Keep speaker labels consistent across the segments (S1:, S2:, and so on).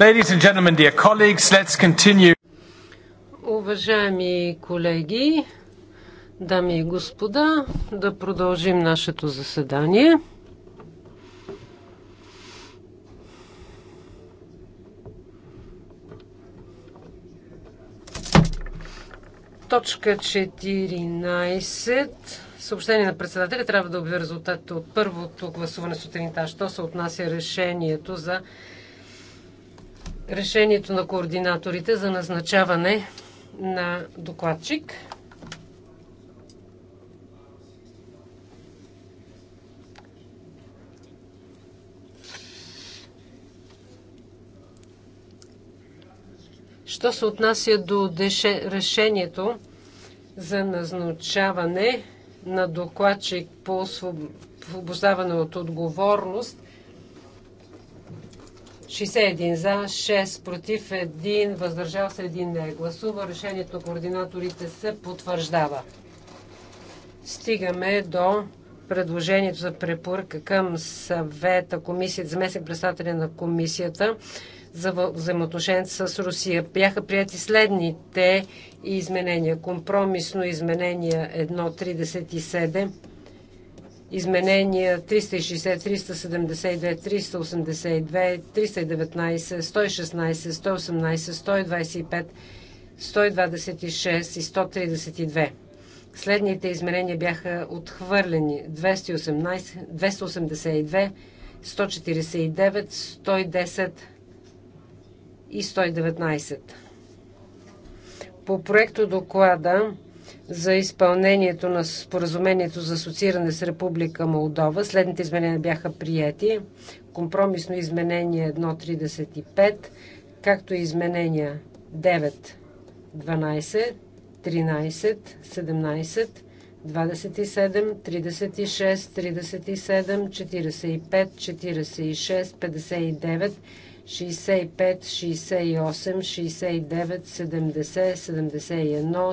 S1: Ladies and gentlemen, dear colleagues, let's continue.
S2: Уважаеми колеги, дами и господа, да продължим нашето заседание. Точка 14 Съобщение на председателя трябва да обяви резултатите от първото гласуване сутринта. Що се отнася решението за решението на координаторите за назначаване на докладчик. Що се отнася до решението за назначаване на докладчик по освобождаване от отговорност. 61 за, 6 против, 1 въздържал се, 1 не е гласува. Решението на координаторите се потвърждава. Стигаме до предложението за препоръка към съвета, комисията, заместник председателя на комисията за взаимоотношенията с Русия. Бяха прияти следните изменения. Компромисно изменение 1.37, изменения 360, 372, 382, 319, 116, 118, 125, 126 и 132. Следните изменения бяха отхвърлени 218, 282, 149, 110, и 119. По проекто доклада за изпълнението на споразумението за асоцииране с Република Молдова. Следните изменения бяха прияти. Компромисно изменение 1.35, както и изменения 9, 12, 13, 17, 27, 36, 37, 45, 46, 59, 65, 68, 69, 70, 71,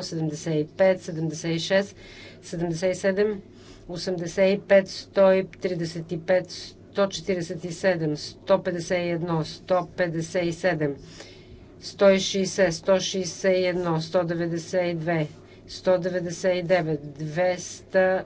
S2: 75, 76, 77, 85, 135, 147, 151, 157, 160, 161, 192, 199, 200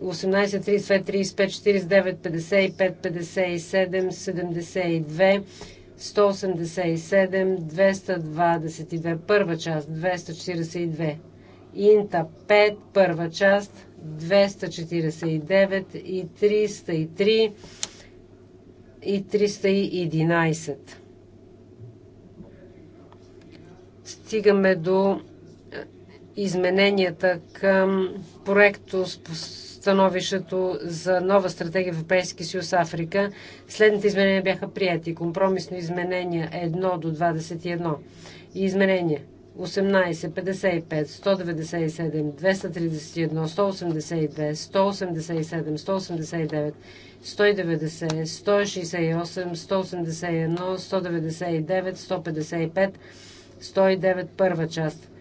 S2: 18, 32, 35, 49, 55, 57, 72, 187, 222, първа част, 242. Инта 5, първа част, 249 и 303 и 311. Стигаме до е, измененията към проекто становището за нова стратегия Европейски съюз Африка, следните изменения бяха прияти. Компромисно изменения 1 до 21 и изменения 18, 55, 197, 231, 182, 187, 189, 190, 168, 181, 199, 155, 109 първа част –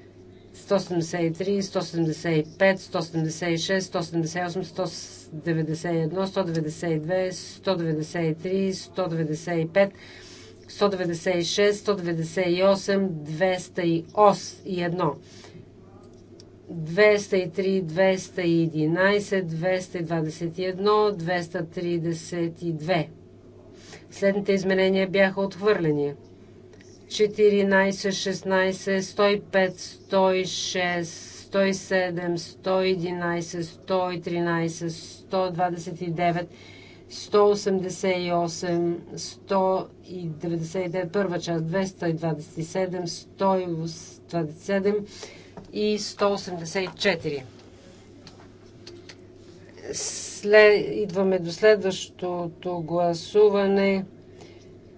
S2: 173, 175, 176, 178, 191, 192, 193, 195, 196, 198, 201. 203, 211, 221, 232. Следните изменения бяха отхвърлени. 14, 16, 105, 106, 107, 111, 113, 129, 188, 199, първа част, 227, 127 и 184. След, идваме до следващото гласуване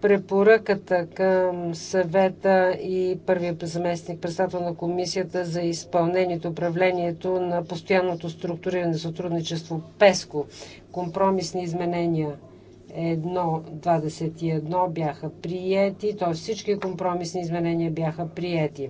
S2: препоръката към съвета и първия заместник председател на комисията за изпълнението, управлението на постоянното структуриране сътрудничество ПЕСКО. Компромисни изменения 1.21 бяха приети, т.е. всички компромисни изменения бяха приети.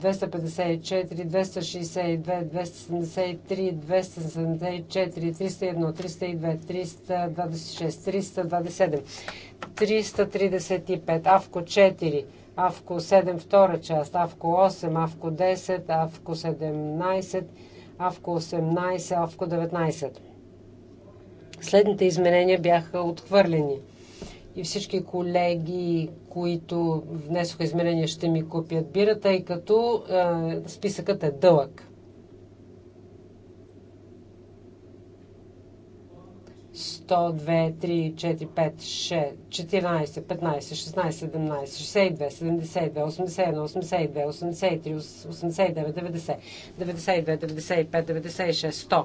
S2: 254, 262, 273, 274, 301, 302, 326, 327, 335, АВКО 4, АВКО 7 втора част, АВКО 8, АВКО 10, АВКО 17, АВКО 18, АВКО 19. Следните изменения бяха отхвърлени – и всички колеги, които внесоха изменения, ще ми купят бира, тъй като е, списъкът е дълъг. Сто, две, три, четири, пет, шест, четиринайсет, петнайсет, шестнайсет, седемнайсет, шестдесет и две, седемдесет и две, осемдесет и едно, осемдесет и две, осемдесет и три, осемдесет и девет, деветдесет, деветдесет и две, деветдесет и пет, деветдесет и шест, сто.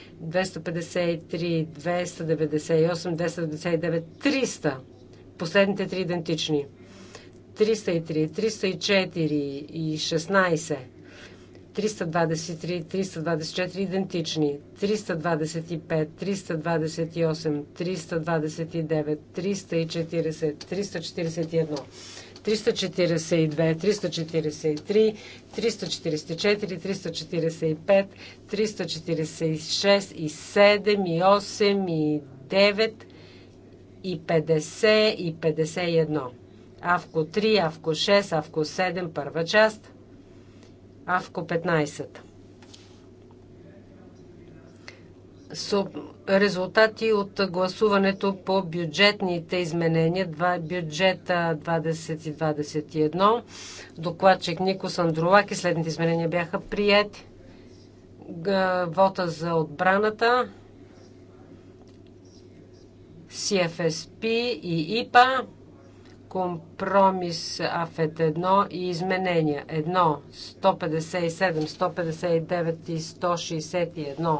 S2: 253, 298, 299, 300. Последните три идентични. 303, 304 и 16. 323, 324 идентични, 325, 328, 329, 340, 341. 342, 343, 344, 345, 346 и 7 и 8 и 9 и 50 и 51. Авко 3, Авко 6, Авко 7, първа част, Авко 15. резултати от гласуването по бюджетните изменения, е бюджета 2021. Докладчик Никос Андролак и следните изменения бяха приети. Вота за отбраната, CFSP и ИПА, компромис АФЕТ 1 и изменения 1, 157, 159 и 161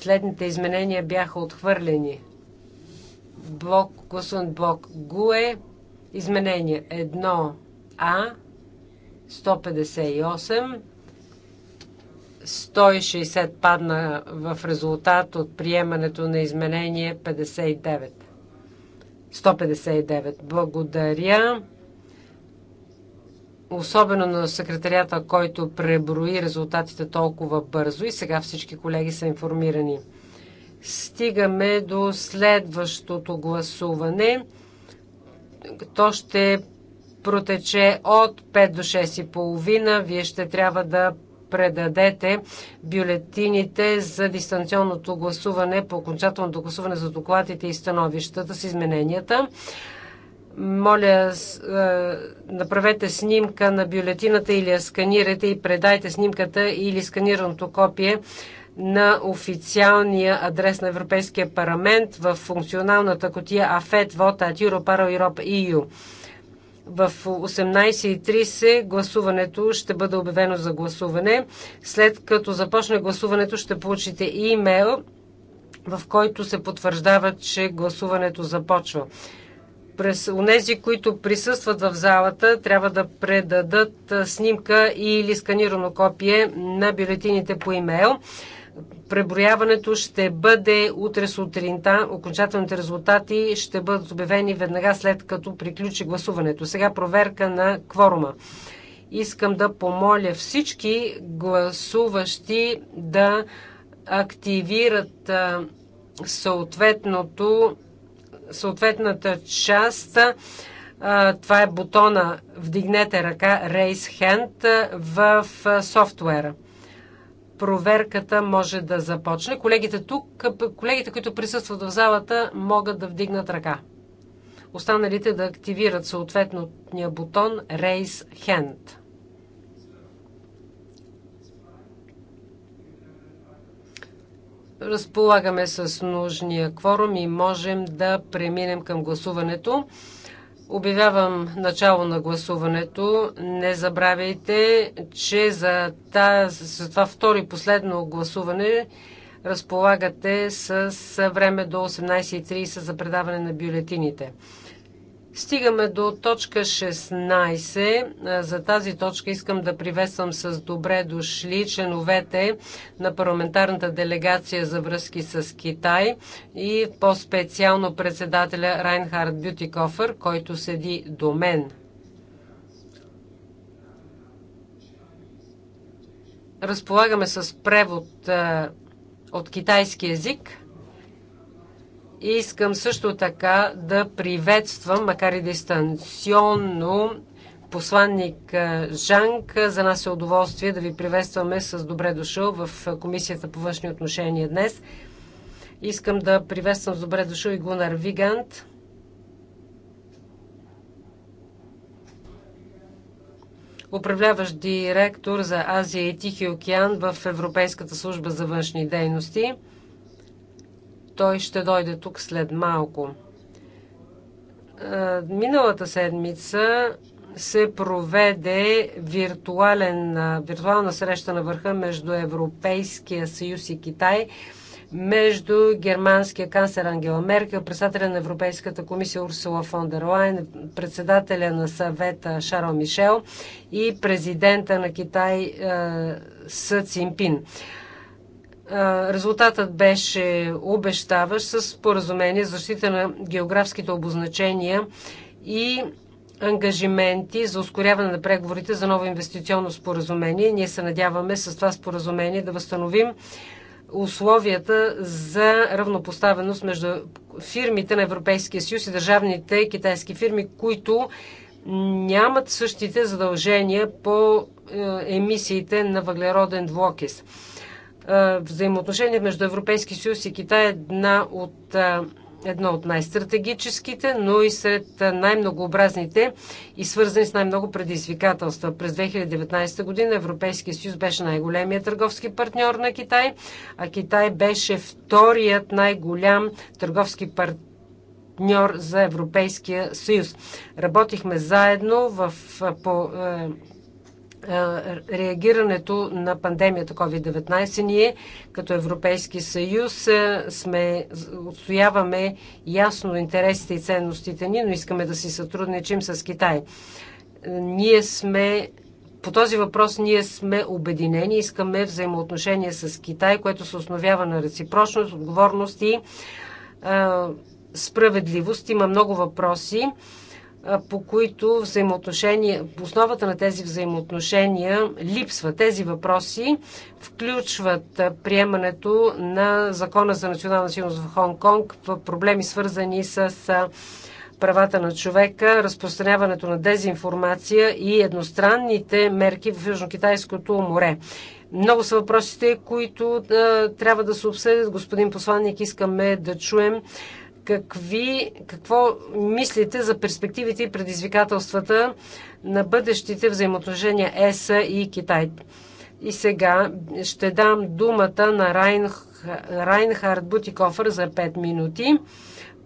S2: Следните изменения бяха отхвърлени. Блок, гласуван блок ГУЕ, изменение 1А, 158, 160 падна в резултат от приемането на изменение 59. 159. Благодаря особено на секретарията, който преброи резултатите толкова бързо и сега всички колеги са информирани. Стигаме до следващото гласуване. То ще протече от 5 до 6 и половина. Вие ще трябва да предадете бюлетините за дистанционното гласуване по окончателното гласуване за докладите и становищата с измененията. Моля, е, направете снимка на бюлетината или я сканирайте и предайте снимката или сканираното копие на официалния адрес на Европейския парламент в функционалната котия AFET Vota at Europa, EU. В 18.30 гласуването ще бъде обявено за гласуване. След като започне гласуването ще получите имейл, в който се потвърждава, че гласуването започва през онези, които присъстват в залата, трябва да предадат снимка или сканирано копие на бюлетините по имейл. Преброяването ще бъде утре сутринта. Окончателните резултати ще бъдат обявени веднага след като приключи гласуването. Сега проверка на кворума. Искам да помоля всички гласуващи да активират съответното съответната част. Това е бутона Вдигнете ръка Raise Hand в софтуера. Проверката може да започне. Колегите тук, колегите, които присъстват в залата, могат да вдигнат ръка. Останалите да активират съответния бутон Raise Hand. разполагаме с нужния кворум и можем да преминем към гласуването. Обявявам начало на гласуването. Не забравяйте, че за, тази, за това втори последно гласуване разполагате с време до 18.30 за предаване на бюлетините. Стигаме до точка 16. За тази точка искам да приветствам с добре дошли членовете на парламентарната делегация за връзки с Китай и по-специално председателя Райнхард Бютикофър, който седи до мен. Разполагаме с превод от китайски язик. Искам също така да приветствам, макар и дистанционно, посланник Жанк. За нас е удоволствие да ви приветстваме с добре дошъл в Комисията по външни отношения днес. Искам да приветствам с добре дошъл и Гунар Вигант. Управляващ директор за Азия и Тихи океан в Европейската служба за външни дейности. Той ще дойде тук след малко. Миналата седмица се проведе виртуална среща на върха между Европейския съюз и Китай, между германския канцлер Ангела Меркел, председателя на Европейската комисия Урсула фон дер Лайн, председателя на съвета Шарл Мишел и президента на Китай Са Цинпин. Резултатът беше обещаващ с споразумение за защита на географските обозначения и ангажименти за ускоряване на преговорите за ново инвестиционно споразумение. Ние се надяваме с това споразумение да възстановим условията за равнопоставеност между фирмите на Европейския съюз и държавните китайски фирми, които нямат същите задължения по е, емисиите на въглероден двуокис взаимоотношение между Европейски съюз и Китай е една от едно от най-стратегическите, но и сред най-многообразните и свързани с най-много предизвикателства. През 2019 година Европейския съюз беше най-големият търговски партньор на Китай, а Китай беше вторият най-голям търговски партньор за Европейския съюз. Работихме заедно в, по реагирането на пандемията COVID-19. Ние като Европейски съюз сме, отстояваме ясно интересите и ценностите ни, но искаме да си сътрудничим с Китай. Ние сме по този въпрос ние сме обединени, искаме взаимоотношение с Китай, което се основява на реципрочност, отговорност и е, справедливост. Има много въпроси, по които взаимоотношения, основата на тези взаимоотношения липсва. Тези въпроси включват приемането на Закона за национална сигурност в Хонг-Конг, проблеми свързани с правата на човека, разпространяването на дезинформация и едностранните мерки в Южно-Китайското море. Много са въпросите, които а, трябва да се обсъдят. Господин посланник, искаме да чуем какви, какво мислите за перспективите и предизвикателствата на бъдещите взаимоотношения ЕС и Китай. И сега ще дам думата на Райн, Райнхард Бутикофър за 5 минути.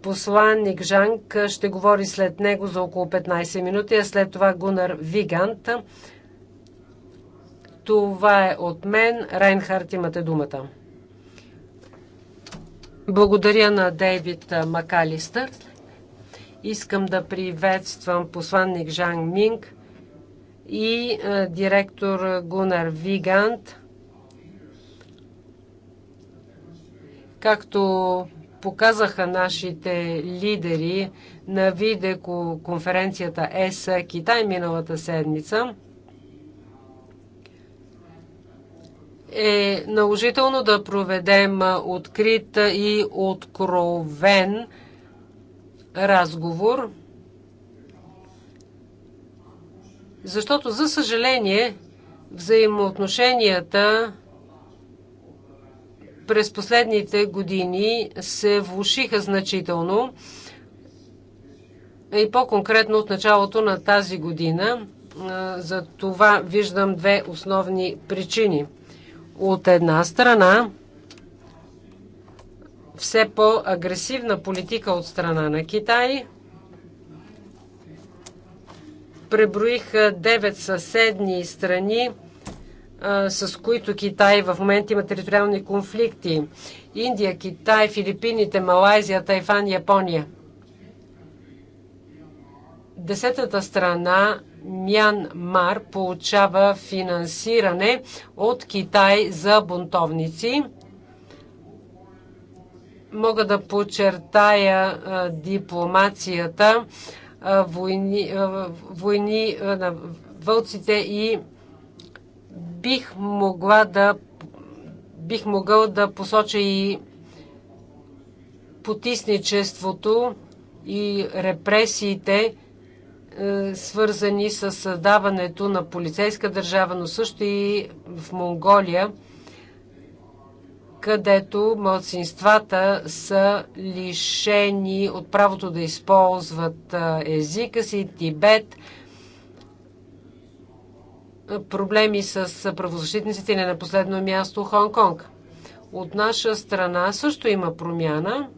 S2: Посланник Жанк ще говори след него за около 15 минути, а след това Гунар Вигант. Това е от мен. Райнхард, имате думата. Благодаря на Дейвид Макалистър. Искам да приветствам посланник Жан Минг и директор Гунар Вигант. Както показаха нашите лидери на видеоконференцията ЕСА Китай миналата седмица – е наложително да проведем открит и откровен разговор, защото, за съжаление, взаимоотношенията през последните години се влушиха значително и по-конкретно от началото на тази година. За това виждам две основни причини – от една страна, все по-агресивна политика от страна на Китай. Преброих 9 съседни страни, с които Китай в момента има териториални конфликти. Индия, Китай, Филипините, Малайзия, Тайван, Япония. Десетата страна Мянмар получава финансиране от Китай за бунтовници. Мога да подчертая дипломацията, войни, войни на вълците и бих могла да бих могъл да посоча и потисничеството и репресиите е, свързани с създаването на полицейска държава, но също и в Монголия, където младсинствата са лишени от правото да използват е, езика си, Тибет, проблеми с правозащитниците и не на последно място Хонг-Конг. От наша страна също има промяна –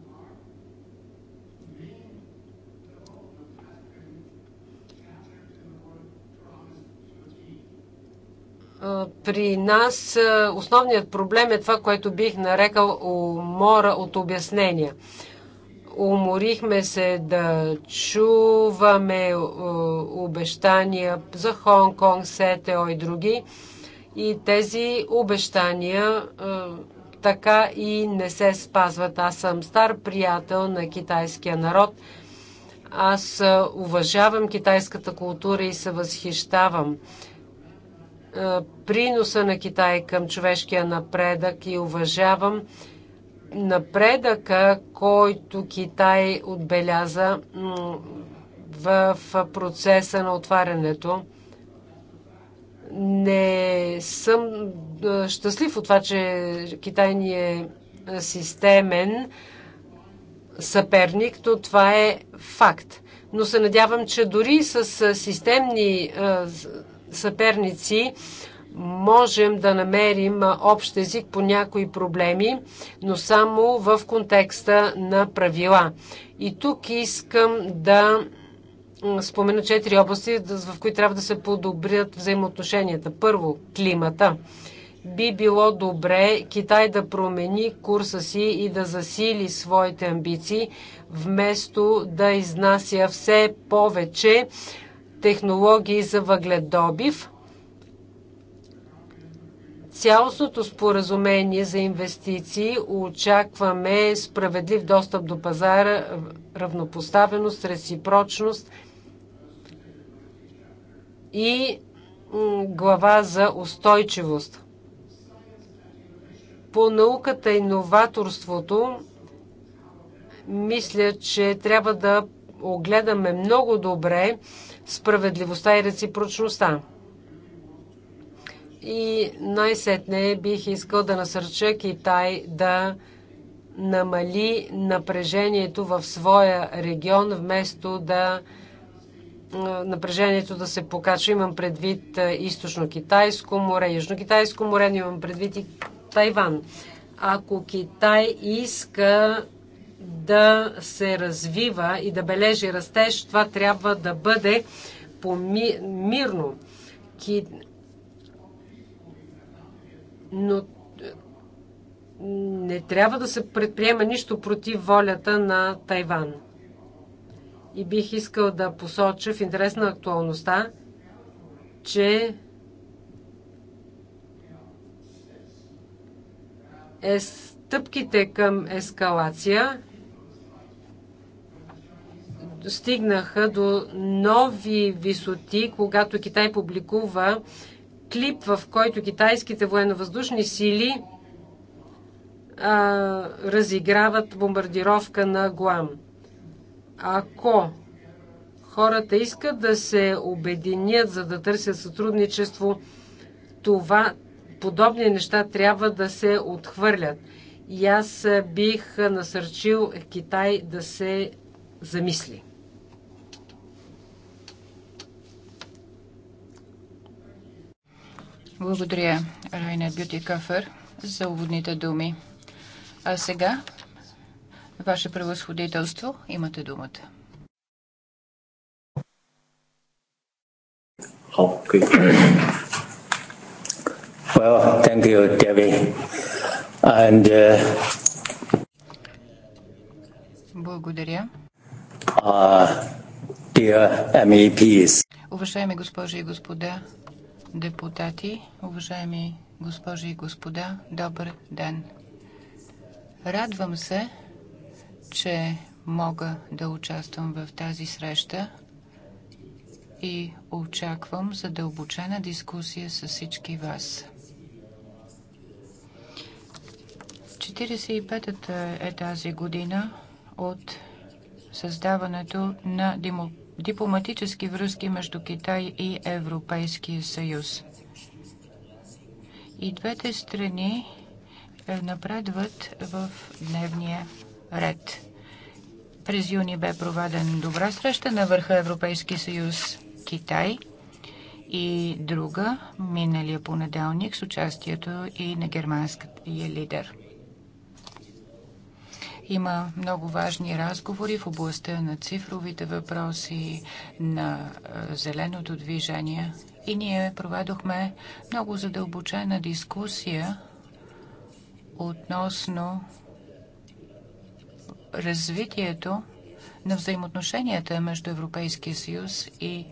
S2: при нас основният проблем е това, което бих нарекал умора от обяснения. Уморихме се да чуваме обещания за Хонг-Конг, СТО и други. И тези обещания така и не се спазват. Аз съм стар приятел на китайския народ. Аз уважавам китайската култура и се възхищавам. Е, приноса на Китай към човешкия напредък и уважавам напредъка, който Китай отбеляза в процеса на отварянето. Не съм е, щастлив от това, че Китай ни е системен съперник, то това е факт. Но се надявам, че дори с е, системни съперници можем да намерим общ език по някои проблеми, но само в контекста на правила. И тук искам да спомена четири области, в които трябва да се подобрят взаимоотношенията. Първо, климата. Би било добре Китай да промени курса си и да засили своите амбиции, вместо да изнася все повече технологии за въгледобив. Цялостното споразумение за инвестиции очакваме справедлив достъп до пазара, равнопоставеност, реципрочност и глава за устойчивост. По науката и новаторството мисля, че трябва да огледаме много добре справедливостта и реципрочността. И най-сетне бих искал да насърча Китай да намали напрежението в своя регион, вместо да напрежението да се покачва. Имам предвид източно-китайско море, южно-китайско море, но имам предвид и Тайван. Ако Китай иска да се развива и да бележи растеж, това трябва да бъде мирно. Но не трябва да се предприема нищо против волята на Тайван. И бих искал да посоча в интерес на актуалността, че е стъпките към ескалация стигнаха до нови висоти, когато Китай публикува клип, в който китайските военновъздушни сили а, разиграват бомбардировка на Гуам. Ако хората искат да се обединят, за да търсят сътрудничество, това, подобни неща трябва да се отхвърлят. И аз бих насърчил Китай да се замисли.
S3: Благодаря, Райнер Бюти за уводните думи. А сега, Ваше превъзходителство, имате думата. Okay. Well,
S1: thank you, Debbie. And, uh,
S3: Благодаря.
S1: Uh, dear MEPs.
S3: Уважаеми госпожи и господа, депутати, уважаеми госпожи и господа, добър ден! Радвам се, че мога да участвам в тази среща и очаквам задълбочена дискусия с всички вас. 45-та е тази година от създаването на демократията дипломатически връзки между Китай и Европейския съюз. И двете страни е, напредват в дневния ред. През юни бе проведен добра среща на върха Европейски съюз Китай и друга миналия понеделник с участието и на германския лидер. Има много важни разговори в областта на цифровите въпроси, на зеленото движение. И ние проведохме много задълбочена дискусия относно развитието на взаимоотношенията между Европейския съюз и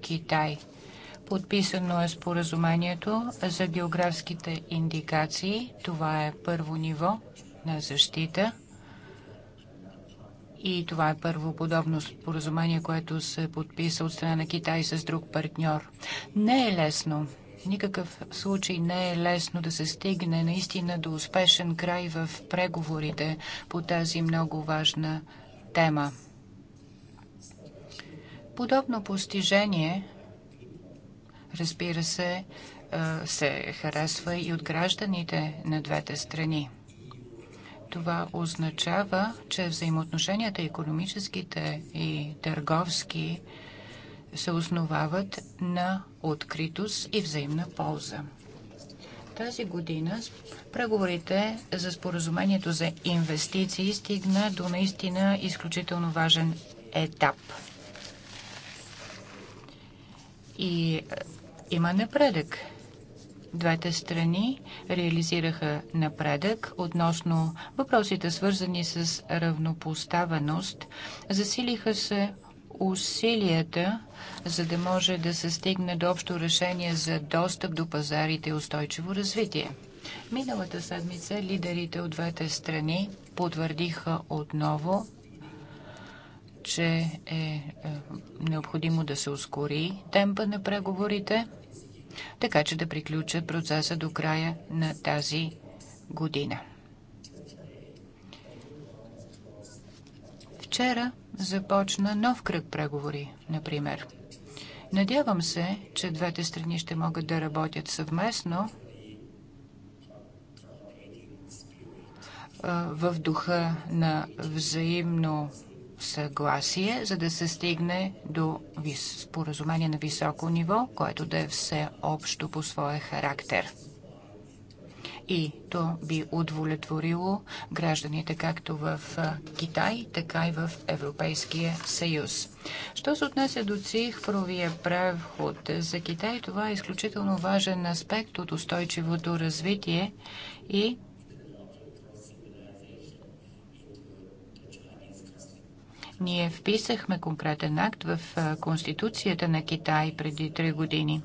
S3: Китай. Подписано е споразумението за географските индикации. Това е първо ниво на защита. И това е първо подобно споразумение, което се подписа от страна на Китай с друг партньор. Не е лесно. В никакъв случай не е лесно да се стигне наистина до успешен край в преговорите по тази много важна тема. Подобно постижение, разбира се, се харесва и от гражданите на двете страни. Това означава, че взаимоотношенията економическите и търговски се основават на откритост и взаимна полза. Тази година преговорите за споразумението за инвестиции стигна до наистина изключително важен етап. И е, има напредък Двете страни реализираха напредък относно въпросите свързани с равнопоставеност. Засилиха се усилията, за да може да се стигне до общо решение за достъп до пазарите и устойчиво развитие. Миналата седмица лидерите от двете страни потвърдиха отново, че е, е необходимо да се ускори темпа на преговорите така че да приключат процеса до края на тази година. Вчера започна нов кръг преговори, например. Надявам се, че двете страни ще могат да работят съвместно в духа на взаимно съгласие, за да се стигне до споразумение на високо ниво, което да е всеобщо по своя характер. И то би удовлетворило гражданите както в Китай, така и в Европейския съюз. Що се отнесе до цифровия преход за Китай, това е изключително важен аспект от устойчивото развитие и Ние вписахме конкретен акт в Конституцията на Китай преди три години.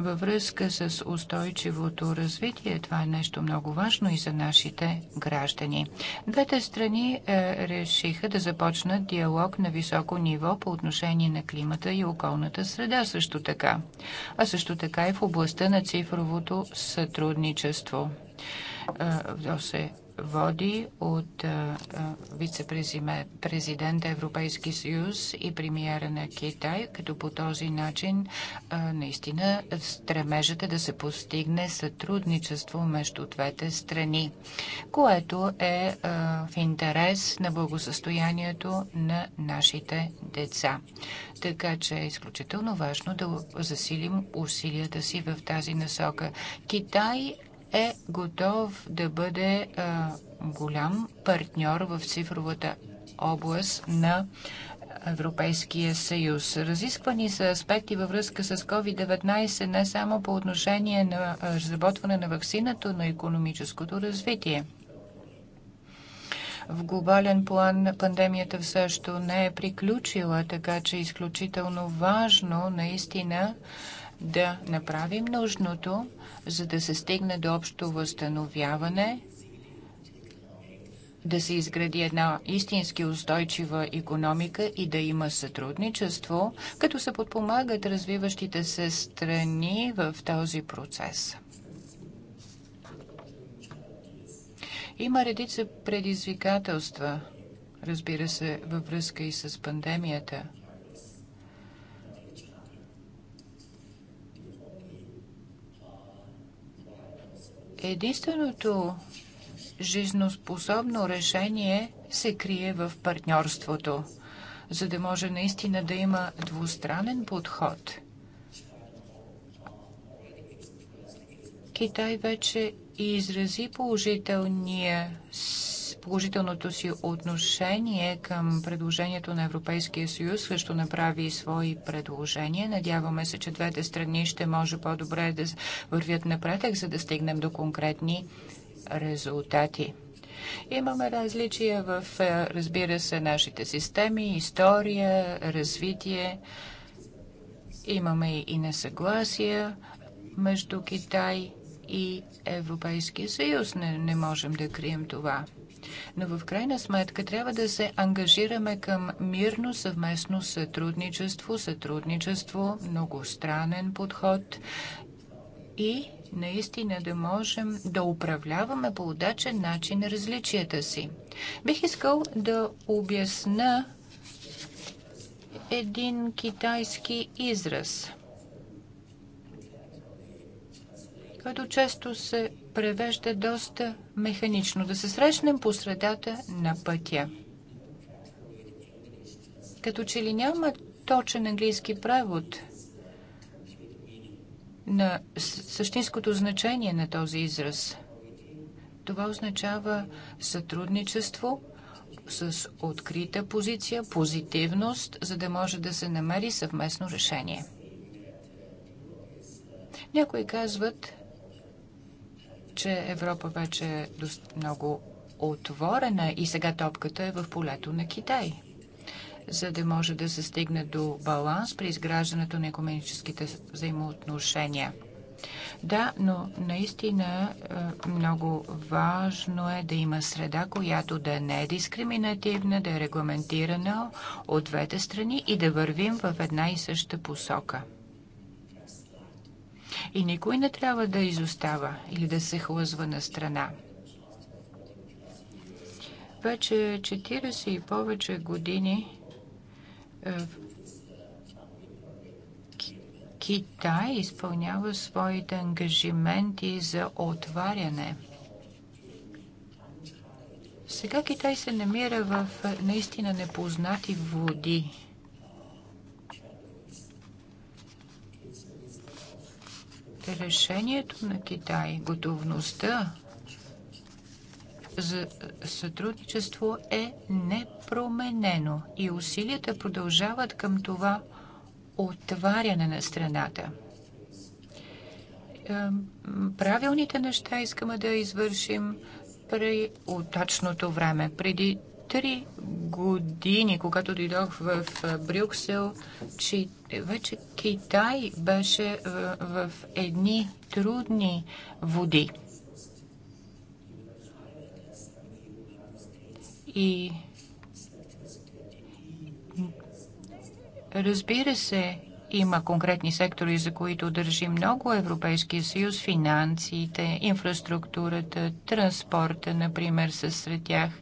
S3: Във връзка с устойчивото развитие, това е нещо много важно и за нашите граждани. Двете страни е, решиха да започнат диалог на високо ниво по отношение на климата и околната среда също така, а също така и в областта на цифровото сътрудничество. Е, то се води от вице-президент Европейски съюз и премиера на Китай, като по този начин наистина стремежът е да се постигне сътрудничество между двете страни, което е в интерес на благосъстоянието на нашите деца. Така че е изключително важно да засилим усилията си в тази насока. Китай е готов да бъде а, голям партньор в цифровата област на Европейския съюз. Разисквани са аспекти във връзка с COVID-19 не само по отношение на разработване на вакцината, но и економическото развитие. В глобален план пандемията също не е приключила, така че е изключително важно наистина да направим нужното, за да се стигне до общо възстановяване, да се изгради една истински устойчива економика и да има сътрудничество, като се подпомагат развиващите се страни в този процес. Има редица предизвикателства, разбира се, във връзка и с пандемията – единственото жизноспособно решение се крие в партньорството, за да може наистина да има двустранен подход. Китай вече изрази положителния положителното си отношение към предложението на Европейския съюз, също направи и свои предложения. Надяваме се, че двете страни ще може по-добре да вървят напредък, за да стигнем до конкретни резултати. Имаме различия в, е, разбира се, нашите системи, история, развитие. Имаме и несъгласия между Китай и Европейския съюз. Не, не можем да крием това но в крайна сметка трябва да се ангажираме към мирно съвместно сътрудничество, сътрудничество, многостранен подход и наистина да можем да управляваме по удачен начин различията си. Бих искал да обясна един китайски израз – което често се превежда доста механично. Да се срещнем по средата на пътя. Като че ли няма точен английски превод на същинското значение на този израз. Това означава сътрудничество с открита позиция, позитивност, за да може да се намери съвместно решение. Някои казват, че Европа вече е много отворена и сега топката е в полето на Китай за да може да се стигне до баланс при изграждането на економическите взаимоотношения. Да, но наистина е, много важно е да има среда, която да не е дискриминативна, да е регламентирана от двете страни и да вървим в една и съща посока. И никой не трябва да изостава или да се хлъзва на страна. Вече 40 и повече години е, Китай изпълнява своите ангажименти за отваряне. Сега Китай се намира в наистина непознати води решението на Китай, готовността за сътрудничество е непроменено и усилията продължават към това отваряне на страната. Правилните неща искаме да извършим при точното време. Преди Три години, когато дойдох в Брюксел, че вече Китай беше в, в едни трудни води. И разбира се, има конкретни сектори, за които държи много Европейския съюз, финансите, инфраструктурата, транспорта, например, са сред тях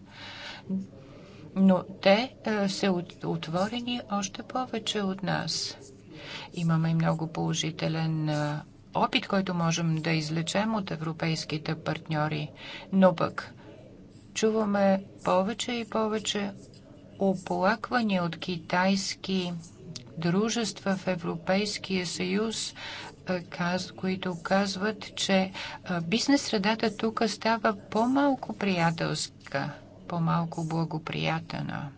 S3: но те е, са отворени още повече от нас. Имаме много положителен е, опит, който можем да излечем от европейските партньори, но пък чуваме повече и повече оплаквания от китайски дружества в Европейския съюз, е, които казват, че бизнес средата тук става по-малко приятелска по-малко благоприятна.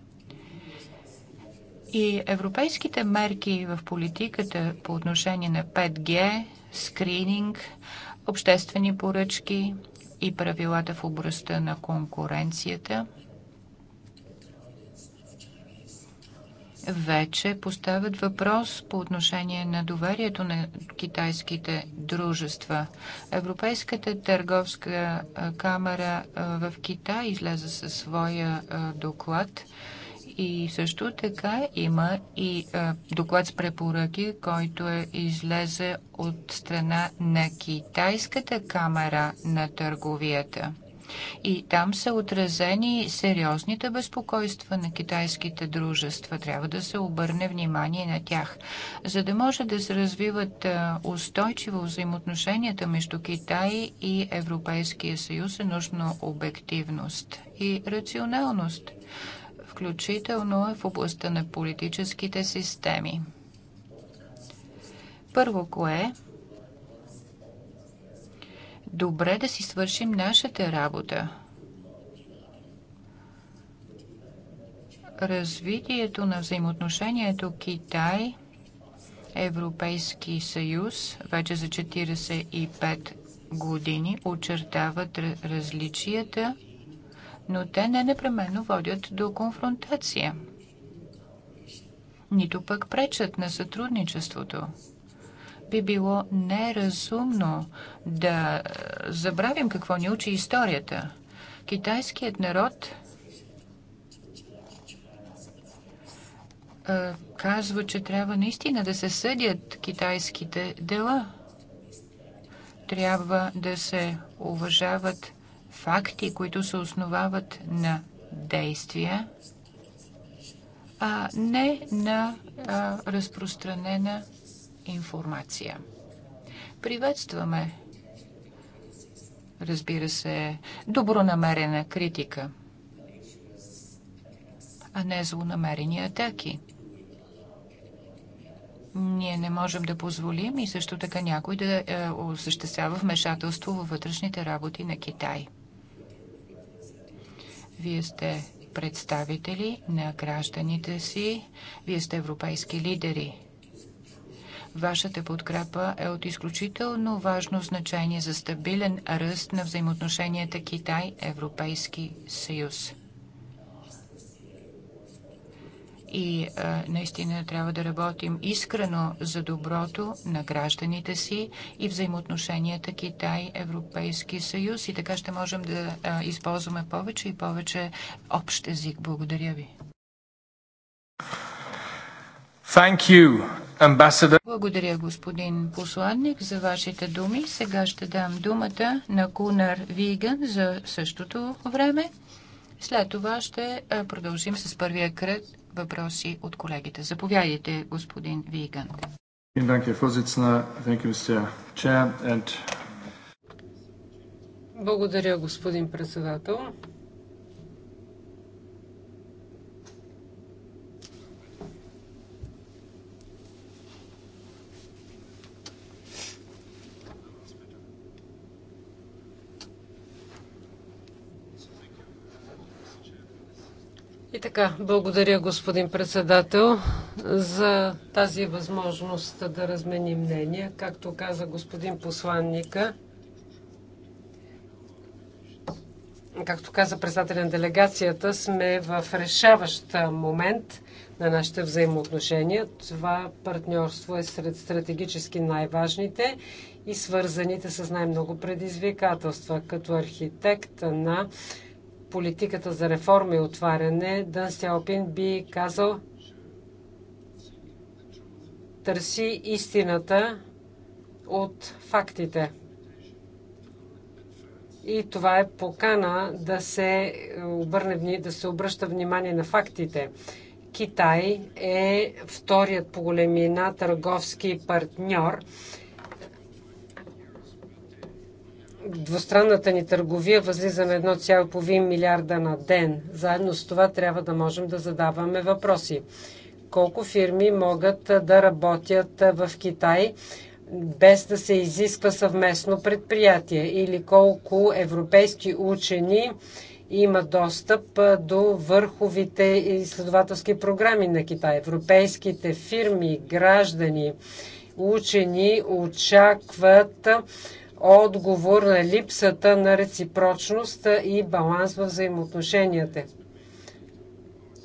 S3: И европейските мерки в политиката по отношение на 5G, скрининг, обществени поръчки и правилата в областта на конкуренцията – вече поставят въпрос по отношение на доверието на китайските дружества. Европейската търговска камера в Китай излезе със своя доклад и също така има и доклад с препоръки, който е излезе от страна на Китайската камера на търговията. И там са отразени сериозните безпокойства на китайските дружества. Трябва да се обърне внимание на тях. За да може да се развиват устойчиво взаимоотношенията между Китай и Европейския съюз е нужно обективност и рационалност, включително е в областта на политическите системи. Първо кое добре да си свършим нашата работа. Развитието на взаимоотношението Китай Европейски съюз вече за 45 години очертават различията, но те не непременно водят до конфронтация, нито пък пречат на сътрудничеството би било неразумно да е, забравим какво ни учи историята. Китайският народ е, казва, че трябва наистина да се съдят китайските дела. Трябва да се уважават факти, които се основават на действия, а не на а, разпространена информация. Приветстваме, разбира се, добронамерена критика, а не злонамерени атаки. Ние не можем да позволим и също така някой да е, осъществява вмешателство във вътрешните работи на Китай. Вие сте представители на гражданите си, вие сте европейски лидери. Вашата подкрепа е от изключително важно значение за стабилен ръст на взаимоотношенията Китай-Европейски съюз. И а, наистина трябва да работим искрено за доброто на гражданите си и взаимоотношенията Китай-Европейски съюз. И така ще можем да а, използваме повече и повече общ език. Благодаря ви.
S1: Thank you.
S3: Благодаря, господин посланник, за вашите думи. Сега ще дам думата на Кунар Виган за същото време. След това ще продължим с първия кръг въпроси от колегите. Заповядайте, господин
S2: Виган. Благодаря, господин председател. И така, благодаря господин председател за тази възможност да разменим мнение. Както каза господин посланника, както каза председателя на делегацията, сме в решаващ момент на нашите взаимоотношения. Това партньорство е сред стратегически най-важните и свързаните с най-много предизвикателства. Като архитект на политиката за реформи и отваряне, Дън Сяопин би казал търси истината от фактите. И това е покана да се, обърне, да се обръща внимание на фактите. Китай е вторият по големина търговски партньор двустранната ни търговия възлиза на 1,5 милиарда на ден. Заедно с това трябва да можем да задаваме въпроси. Колко фирми могат да работят в Китай без да се изисква съвместно предприятие? Или колко европейски учени има достъп до върховите изследователски програми на Китай? Европейските фирми, граждани, учени очакват отговор на липсата на реципрочност и баланс в взаимоотношенията.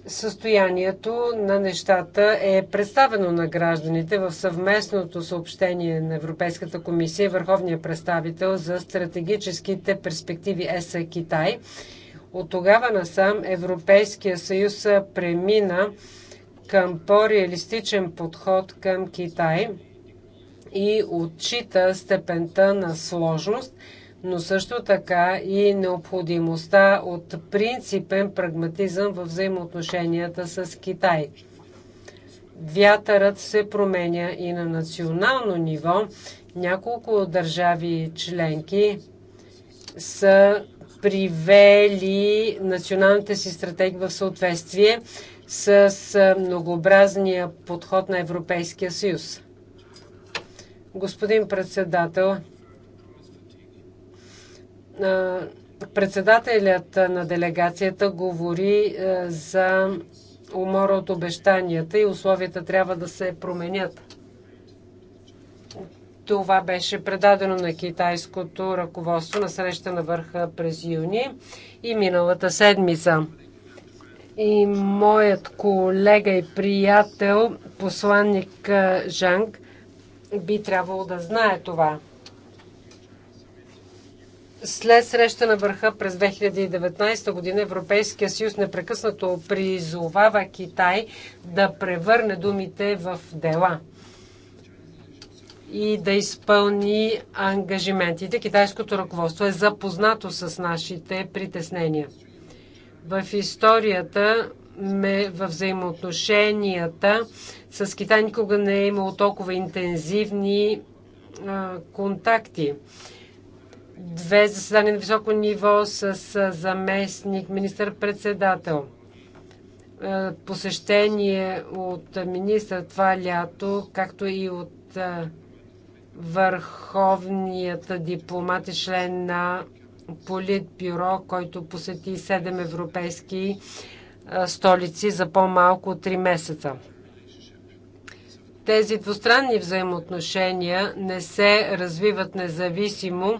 S2: Състоянието на нещата е представено на гражданите в съвместното съобщение на Европейската комисия и Върховния представител за стратегическите перспективи ЕСА Китай. От тогава насам Европейския съюз премина към по-реалистичен подход към Китай – и отчита степента на сложност, но също така и необходимостта от принципен прагматизъм във взаимоотношенията с Китай. Вятърът се променя и на национално ниво. Няколко държави членки са привели националните си стратегии в съответствие с многообразния подход на Европейския съюз. Господин председател, председателят на делегацията говори за умора от обещанията и условията трябва да се променят. Това беше предадено на китайското ръководство на среща на върха през юни и миналата седмица. И моят колега и приятел, посланник Жанг, би трябвало да знае това. След среща на върха през 2019 година Европейския съюз непрекъснато призовава Китай да превърне думите в дела и да изпълни ангажиментите. Китайското ръководство е запознато с нашите притеснения. В историята сме във взаимоотношенията с Китай. Никога не е имало толкова интензивни а, контакти. Две заседания на високо ниво с заместник министър-председател. Посещение от министър това лято, както и от а, върховният дипломат и член на Политбюро, който посети 7 европейски столици за по-малко от 3 месеца. Тези двустранни взаимоотношения не се развиват независимо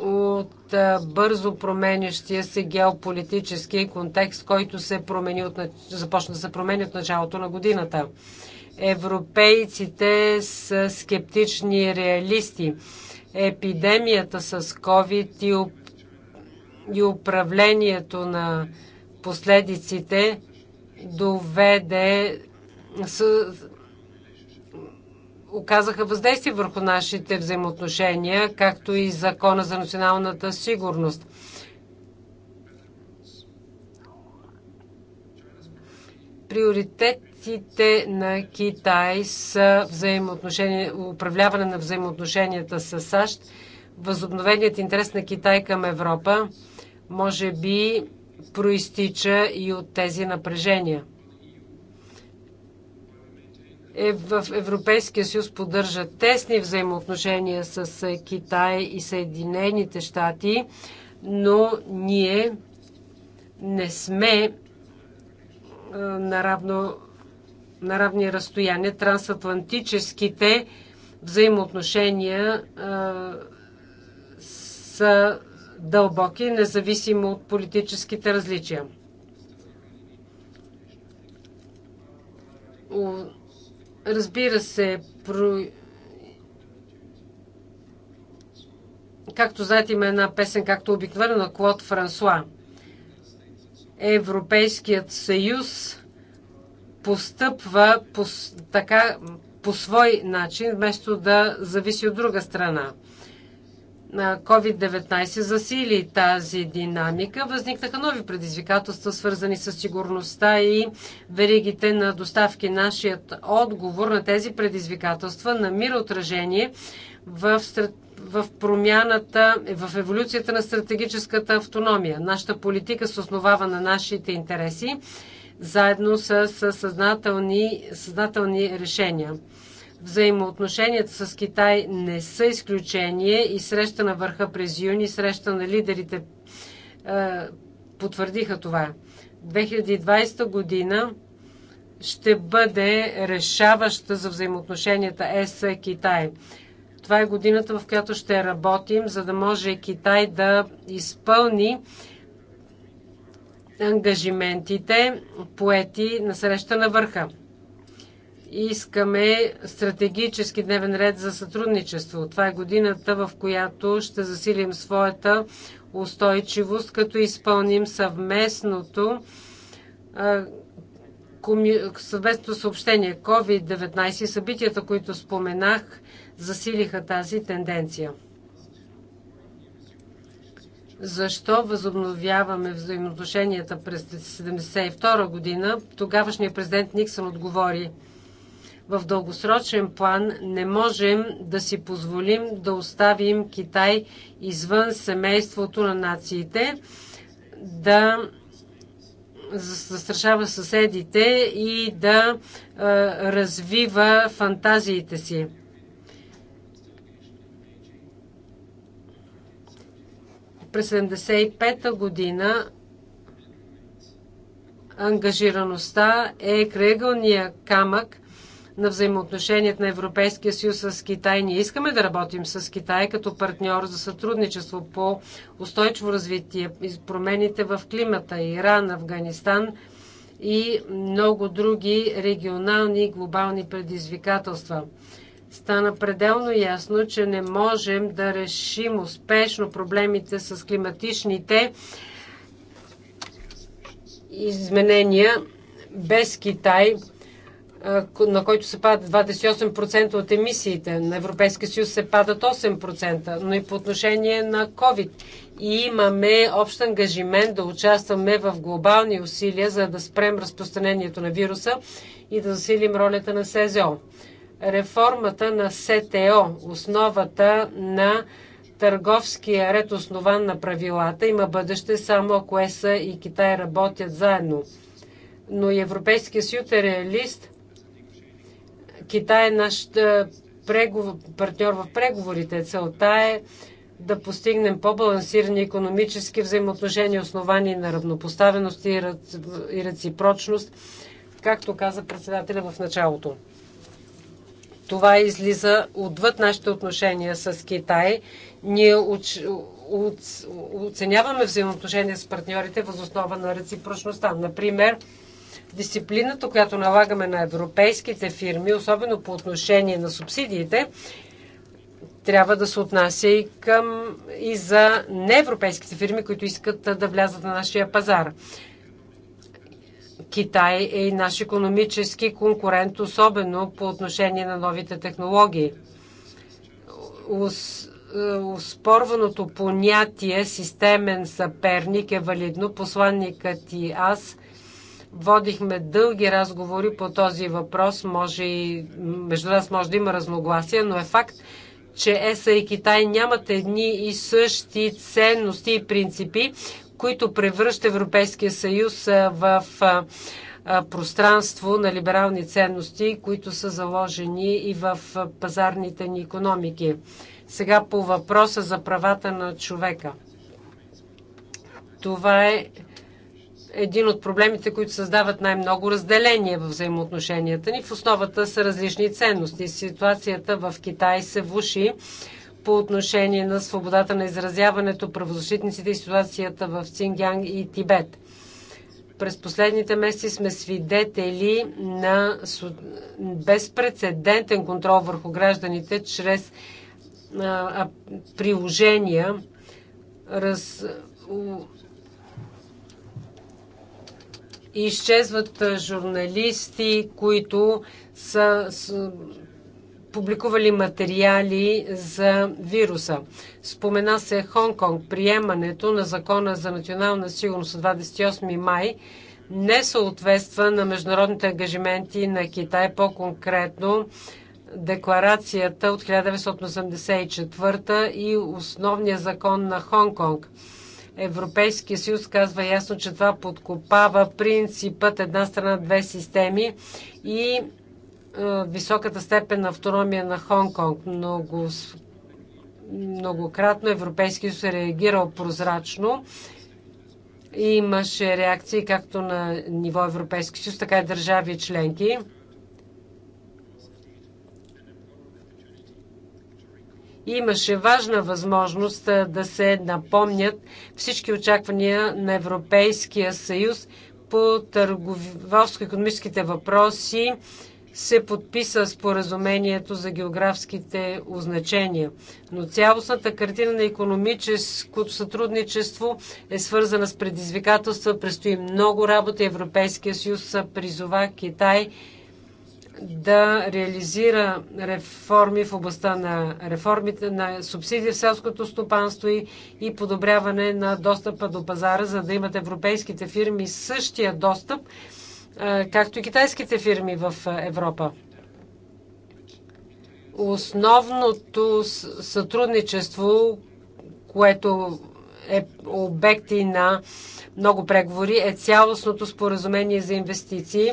S2: от бързо променящия се геополитически контекст, който се промени от, започна да се промени от началото на годината. Европейците са скептични реалисти. Епидемията с COVID и, и управлението на последиците доведе с, оказаха въздействие върху нашите взаимоотношения, както и закона за националната сигурност. Приоритетите на Китай са управляване на взаимоотношенията с САЩ, възобновеният интерес на Китай към Европа, може би проистича и от тези напрежения. Е, в Европейския съюз поддържа тесни взаимоотношения с е, Китай и Съединените щати, но ние не сме е, на, на равни разстояния. Трансатлантическите взаимоотношения са дълбоки, независимо от политическите различия. Разбира се, про... както знаете, има една песен, както обикновено на Клод Франсуа. Европейският съюз постъпва по, така, по свой начин, вместо да зависи от друга страна. COVID-19 засили тази динамика. Възникнаха нови предизвикателства, свързани с сигурността и веригите на доставки. Нашият отговор на тези предизвикателства намира отражение в, в промяната, в еволюцията на стратегическата автономия. Нашата политика се основава на нашите интереси, заедно с съзнателни, съзнателни решения. Взаимоотношенията с Китай не са изключение и среща на върха през юни, среща на лидерите е, потвърдиха това. 2020 година ще бъде решаваща за взаимоотношенията ЕС-Китай. Това е годината, в която ще работим, за да може Китай да изпълни ангажиментите поети на среща на върха. Искаме стратегически дневен ред за сътрудничество. Това е годината, в която ще засилим своята устойчивост, като изпълним съвместното съвместно съобщение COVID-19 и събитията, които споменах, засилиха тази тенденция. Защо възобновяваме взаимоотношенията през 1972 година? Тогавашният президент Никсън отговори – в дългосрочен план не можем да си позволим да оставим Китай извън семейството на нациите, да застрашава съседите и да развива фантазиите си. През 75-та година ангажираността е кръгълния камък на взаимоотношенията на Европейския съюз с Китай. Ние искаме да работим с Китай като партньор за сътрудничество по устойчиво развитие, промените в климата, Иран, Афганистан и много други регионални и глобални предизвикателства. Стана пределно ясно, че не можем да решим успешно проблемите с климатичните изменения без Китай на който се падат 28% от емисиите. На Европейския съюз се падат 8%, но и по отношение на COVID. И имаме общ ангажимент да участваме в глобални усилия, за да спрем разпространението на вируса и да засилим ролята на СЗО. Реформата на СТО, основата на търговския ред основан на правилата, има бъдеще само ако ЕСА и Китай работят заедно. Но и Европейския съюз е реалист – Китай е наш е, партньор в преговорите. Целта е да постигнем по-балансирани економически взаимоотношения, основани на равнопоставеност и, и реципрочност, както каза председателя в началото. Това излиза отвъд нашите отношения с Китай. Ние уч... оценяваме взаимоотношения с партньорите възоснова на реципрочността. Например, Дисциплината, която налагаме на европейските фирми, особено по отношение на субсидиите, трябва да се отнася и към и за неевропейските фирми, които искат да влязат на нашия пазар. Китай е и наш економически конкурент, особено по отношение на новите технологии. Оспорваното е, понятие системен съперник е валидно. Посланникът и аз Водихме дълги разговори по този въпрос. Може и, между нас може да има разногласия, но е факт, че ЕСА и Китай нямат едни и същи ценности и принципи, които превръща Европейския съюз в пространство на либерални ценности, които са заложени и в пазарните ни економики. Сега по въпроса за правата на човека. Това е един от проблемите, които създават най-много разделение в взаимоотношенията ни. В основата са различни ценности. Ситуацията в Китай се влуши по отношение на свободата на изразяването, правозащитниците и ситуацията в Цингянг и Тибет. През последните месеци сме свидетели на безпредседентен контрол върху гражданите чрез приложения, раз, Изчезват журналисти, които са публикували материали за вируса. Спомена се Хонг-Конг. Приемането на закона за национална сигурност 28 май не съответства на международните ангажименти на Китай, по-конкретно декларацията от 1984 и основния закон на Хонг-Конг. Европейския съюз казва ясно, че това подкопава принципът една страна, две системи и е, високата степен на автономия на Хонг-Конг. Много, многократно Европейския съюз е реагирал прозрачно и имаше реакции както на ниво Европейски съюз, така и държави членки. имаше важна възможност да се напомнят всички очаквания на Европейския съюз по търговско-економическите въпроси се подписа споразумението за географските означения. Но цялостната картина на економическото сътрудничество е свързана с предизвикателства. Престои много работа. Европейския съюз призова Китай да реализира реформи в областта на реформите на субсидии в селското стопанство и, и подобряване на достъпа до пазара, за да имат европейските фирми същия достъп, както и китайските фирми в Европа. Основното сътрудничество, което е обекти на много преговори, е цялостното споразумение за инвестиции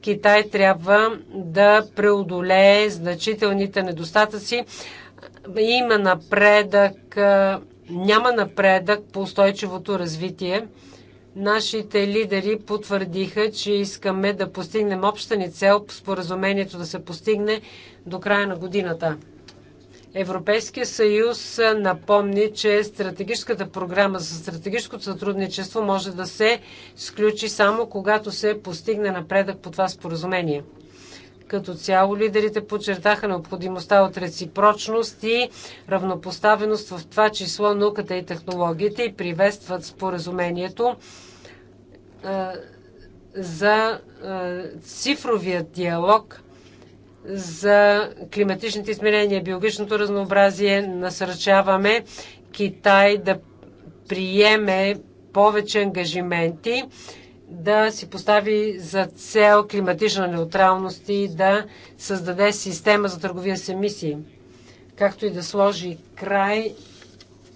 S2: Китай трябва да преодолее значителните недостатъци. Има напредък, няма напредък по устойчивото развитие. Нашите лидери потвърдиха, че искаме да постигнем обща ни цел, споразумението да се постигне до края на годината. Европейския съюз напомни, че стратегическата програма за стратегическото сътрудничество може да се сключи само когато се постигне напредък по това споразумение. Като цяло лидерите подчертаха необходимостта от реципрочност и равнопоставеност в това число науката и технологиите и приветстват споразумението е, за е, цифровия диалог – за климатичните изменения, биологичното разнообразие. Насърчаваме Китай да приеме повече ангажименти, да си постави за цел климатична неутралност и да създаде система за търговия с емисии, както и да сложи край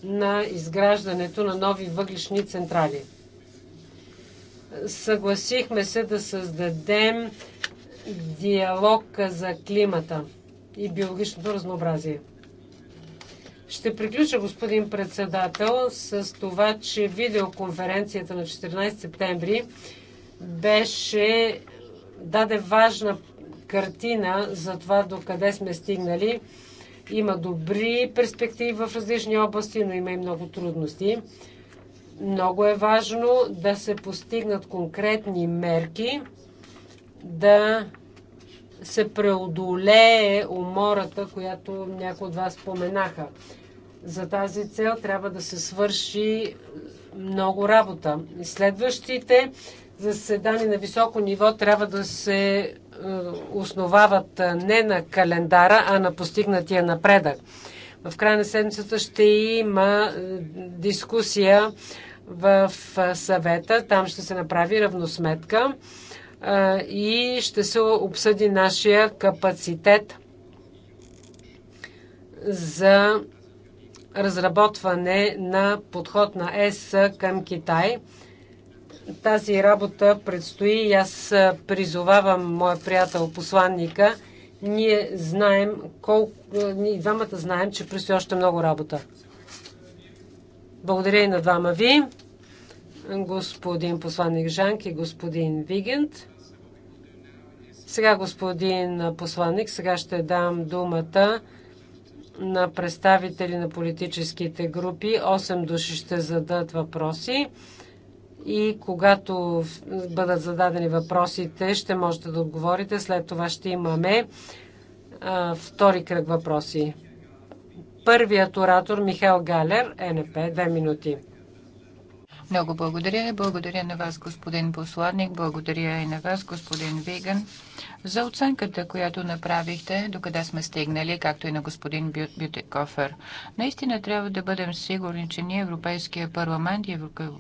S2: на изграждането на нови въглишни централи. Съгласихме се да създадем диалог за климата и биологичното разнообразие. Ще приключа, господин председател, с това, че видеоконференцията на 14 септември беше даде важна картина за това до къде сме стигнали. Има добри перспективи в различни области, но има и много трудности. Много е важно да се постигнат конкретни мерки, да се преодолее умората, която някои от вас споменаха. За тази цел трябва да се свърши много работа. следващите заседания на високо ниво трябва да се е, основават е, не на календара, а на постигнатия напредък. В края на седмицата ще има е, дискусия в съвета. Там ще се направи равносметка и ще се обсъди нашия капацитет за разработване на подход на ЕС към Китай. Тази работа предстои и аз призовавам моя приятел посланника. Ние знаем колко... Ние двамата знаем, че предстои още много работа. Благодаря и на двама ви, господин посланник Жанк и господин Вигент. Сега, господин посланник, сега ще дам думата на представители на политическите групи. Осем души ще зададат въпроси и когато бъдат зададени въпросите, ще можете да отговорите. След това ще имаме а, втори кръг въпроси. Първият оратор Михаил Галер, НП, две минути.
S3: Много благодаря.
S2: Благодаря на вас, господин посланник.
S3: Благодаря и на вас, господин Виган, за оценката, която направихте, докъде сме стигнали, както и на господин Бю Бютекофер. Наистина трябва да бъдем сигурни, че ние, Европейския парламент и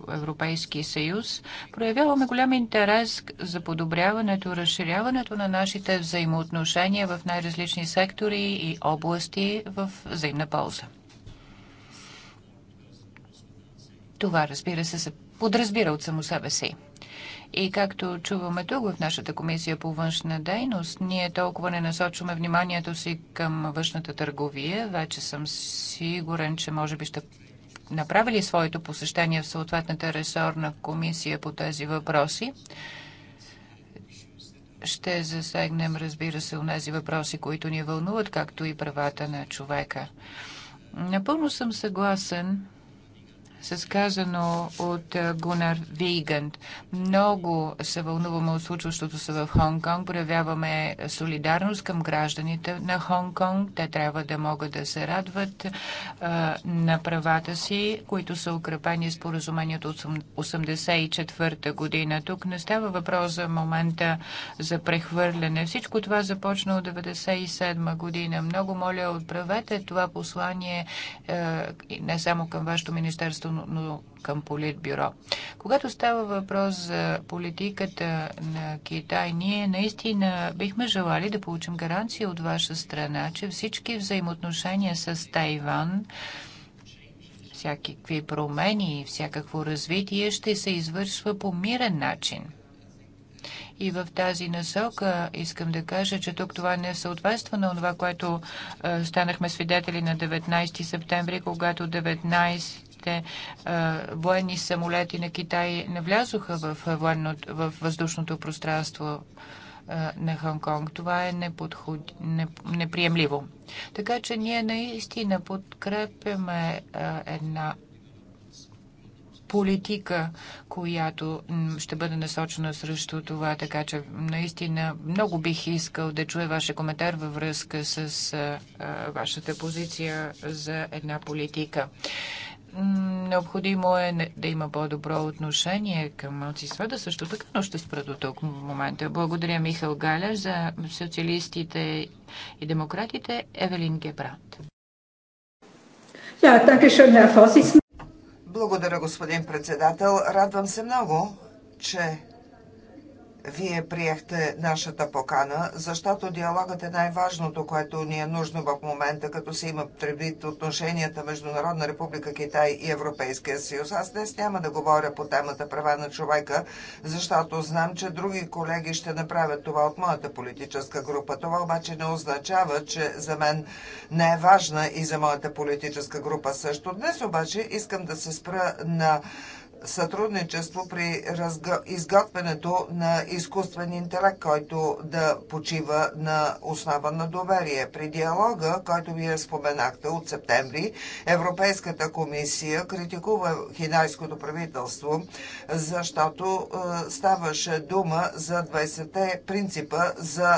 S3: Европейски съюз, проявяваме голям интерес за подобряването, разширяването на нашите взаимоотношения в най-различни сектори и области в взаимна полза. Това, разбира се, се подразбира от само себе си. И както чуваме тук в нашата комисия по външна дейност, ние толкова не насочваме вниманието си към външната търговия. Вече съм сигурен, че може би ще направили своето посещение в съответната ресорна комисия по тези въпроси. Ще засегнем, разбира се, тези въпроси, които ни вълнуват, както и правата на човека. Напълно съм съгласен с казано от е, Гунар Вигант. Много се вълнуваме от случващото се в Хонг-Конг. Проявяваме солидарност към гражданите на Хонг-Конг. Те трябва да могат да се радват а, е, на правата си, които са укрепени с поразумението от 1984 година. Тук не става въпрос за момента за прехвърляне. Всичко това започна от 1997 година. Много моля, отправете това послание а, е, не само към вашето Министерство включително към Политбюро. Когато става въпрос за политиката на Китай, ние наистина бихме желали да получим гаранция от ваша страна, че всички взаимоотношения с Тайван всякакви промени и всякакво развитие ще се извършва по мирен начин. И в тази насока искам да кажа, че тук това не съответства на това, което е, станахме свидетели на 19 септември, когато 19 първите а, военни самолети на Китай навлязоха в, военно, в въздушното пространство а, на Хонконг. Това е неподход... неприемливо. Така че ние наистина подкрепяме а, една политика, която ще бъде насочена срещу това. Така че наистина много бих искал да чуя вашия коментар във връзка с а, вашата позиция за една политика. Необходимо е да има по-добро отношение към младсинствата също така, но ще спра до тук в момента. Благодаря Михал Галя за социалистите и демократите
S4: Евелин Гебрат. Благодаря, господин председател. Радвам се много, че вие приехте нашата покана, защото диалогът е най-важното, което ни е нужно в момента, като се има предвид отношенията между Народна република Китай и Европейския съюз. Аз днес няма да говоря по темата права на човека, защото знам, че други колеги ще направят това от моята политическа група. Това обаче не означава, че за мен не е важна и за моята политическа група също. Днес обаче искам да се спра на сътрудничество при изготвянето на изкуствен интелект, който да почива на основа на доверие. При диалога, който вие споменахте от септември, Европейската комисия критикува хинайското правителство, защото е, ставаше дума за 20-те принципа за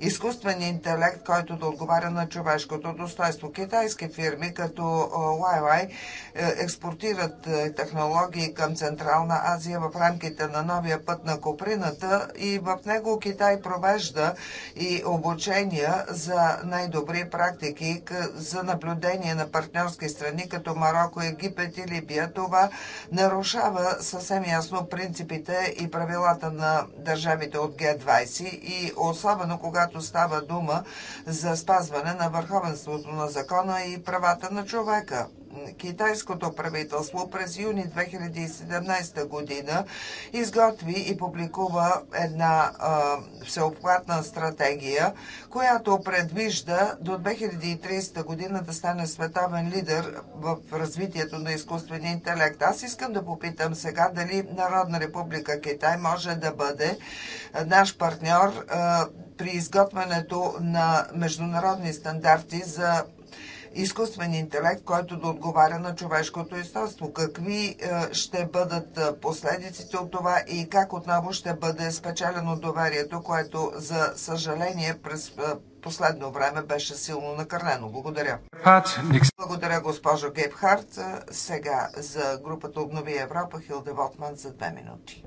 S4: е, изкуствен интелект, който да отговаря на човешкото достоинство. Китайски фирми като е, Huawei експортират технологии, технологии към Централна Азия в рамките на новия път на Коприната и в него Китай провежда и обучения за най-добри практики за наблюдение на партньорски страни като Марокко, Египет и Либия. Това нарушава съвсем ясно принципите и правилата на държавите от Г-20 и особено когато става дума за спазване на върховенството на закона и правата на човека китайското правителство през юни 2017 година изготви и публикува една а, всеобхватна стратегия, която предвижда до 2030 година да стане световен лидер в развитието на изкуствения интелект. Аз искам да попитам сега дали Народна република Китай може да бъде наш партньор а, при изготвянето на международни стандарти за изкуствен интелект, който да отговаря на човешкото естество. Какви е, ще бъдат е, последиците от това и как отново ще бъде спечелено доверието, което за съжаление през е, последно време беше силно накърнено. Благодаря. Благодаря, госпожо Гейбхарт. Сега за групата Обнови Европа Хилде Вотман за две минути.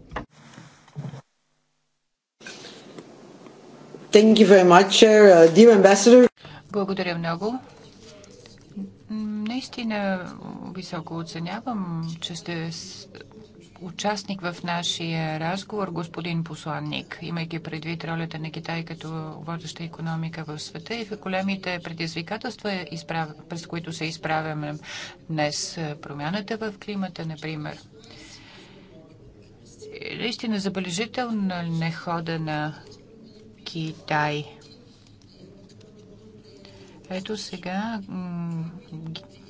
S2: Thank you very much, uh, dear ambassador.
S3: Благодаря много, Наистина високо оценявам, че сте участник в нашия разговор, господин посланник, имайки предвид ролята на Китай като водеща економика в света и в големите предизвикателства, през които се изправяме днес промяната в климата, например. Наистина забележително не хода на Китай – ето сега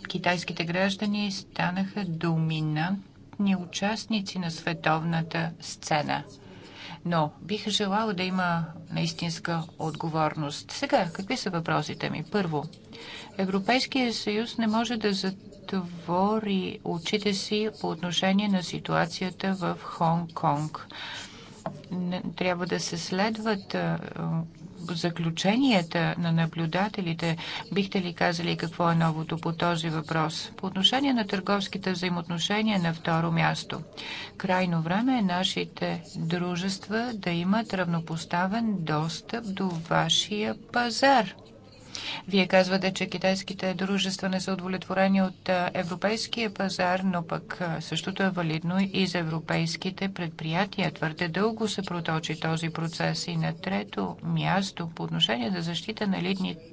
S3: китайските граждани станаха доминантни участници на световната сцена. Но бих желал да има наистинска отговорност. Сега, какви са въпросите ми? Първо, Европейския съюз не може да затвори очите си по отношение на ситуацията в Хонг-Конг трябва да се следват заключенията на наблюдателите. Бихте ли казали какво е новото по този въпрос? По отношение на търговските взаимоотношения на второ място. Крайно време е нашите дружества да имат равнопоставен достъп до вашия пазар. Вие казвате, че китайските дружества не са удовлетворени от европейския пазар, но пък същото е валидно и за европейските предприятия. Твърде дълго се проточи този процес и на трето място по отношение на защита на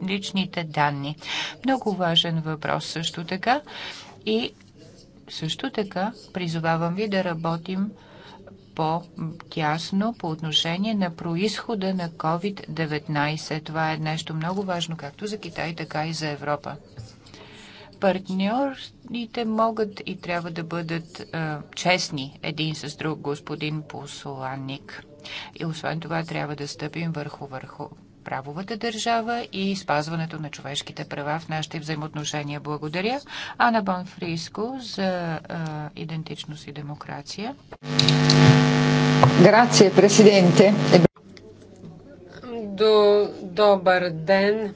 S3: личните данни. Много важен въпрос също така и също така призовавам ви да работим по-тясно по отношение на происхода на COVID-19. Това е нещо много важно както за Китай, така и за Европа. Партньорите могат и трябва да бъдат е, честни един с друг, господин посланник. И освен това трябва да стъпим върху, върху правовата държава и спазването на човешките права в нашите взаимоотношения. Благодаря. Ана Фриско за а, идентичност и демокрация.
S4: Грация, президенте.
S2: До, добър ден.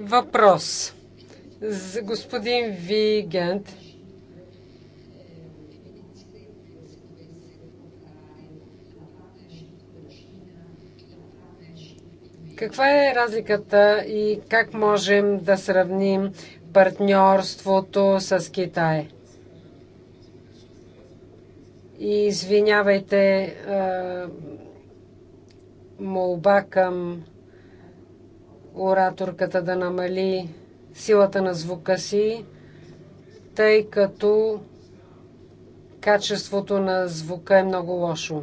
S2: Въпрос. За господин Вигент Каква е разликата и как можем да сравним партньорството с Китай? И извинявайте, молба към ораторката да намали силата на звука си, тъй като качеството на звука е много лошо.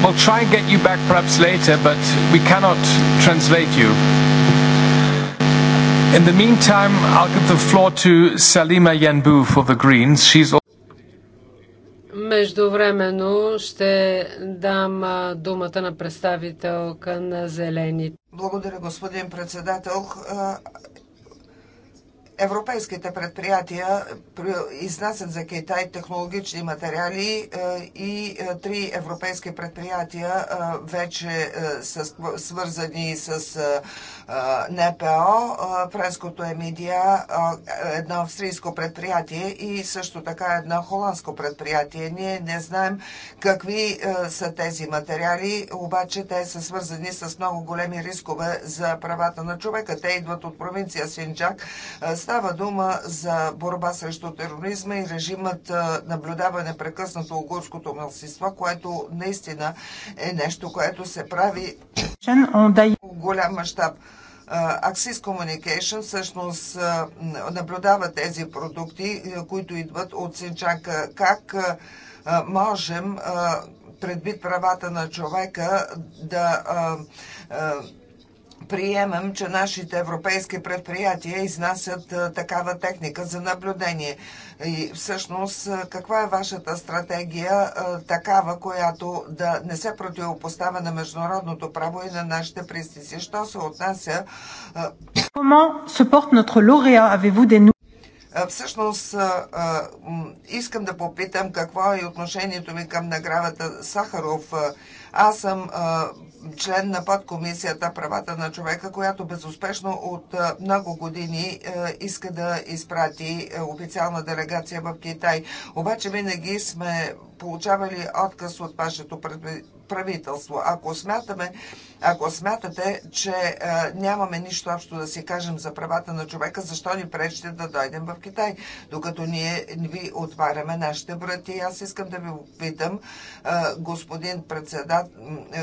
S5: we'll try and get you back perhaps later,
S1: but we cannot translate you. In the meantime, I'll give the floor to Salima Yanbu for the Greens. She's
S2: Междувременно ще дам думата на представителка на Зелените.
S4: Благодаря, господин председател европейските предприятия изнасят за Китай технологични материали е, и е, три европейски предприятия е, вече са свързани с НПО, френското е медиа, едно австрийско предприятие и също така едно холандско предприятие. Ние не знаем какви са тези материали, обаче те са свързани с много големи рискове за правата на човека. Те идват от провинция Синджак. Става дума за борба срещу тероризма и режимът наблюдава непрекъснато угорското мълсиство, което наистина е нещо, което се прави в голям мащаб. Axis Communication всъщност наблюдава тези продукти, които идват от Синчанка. Как можем предвид правата на човека да Приемам, че нашите европейски предприятия изнасят такава техника за наблюдение. И всъщност, каква е вашата стратегия, такава, която да не се противопоставя на международното право и на нашите пристиси? Що се отнася... Comment
S5: se porte
S2: notre
S4: Всъщност, искам да попитам какво е отношението ми към наградата Сахаров. Аз съм член на подкомисията правата на човека, която безуспешно от много години иска да изпрати е, официална делегация в Китай. Обаче винаги сме получавали отказ от вашето правителство. Ако смятаме, ако смятате, че нямаме нищо общо да си кажем за правата на човека, защо ни пречите да дойдем в Китай, докато ние ви отваряме нашите врати? Аз искам да ви питам, господин председател,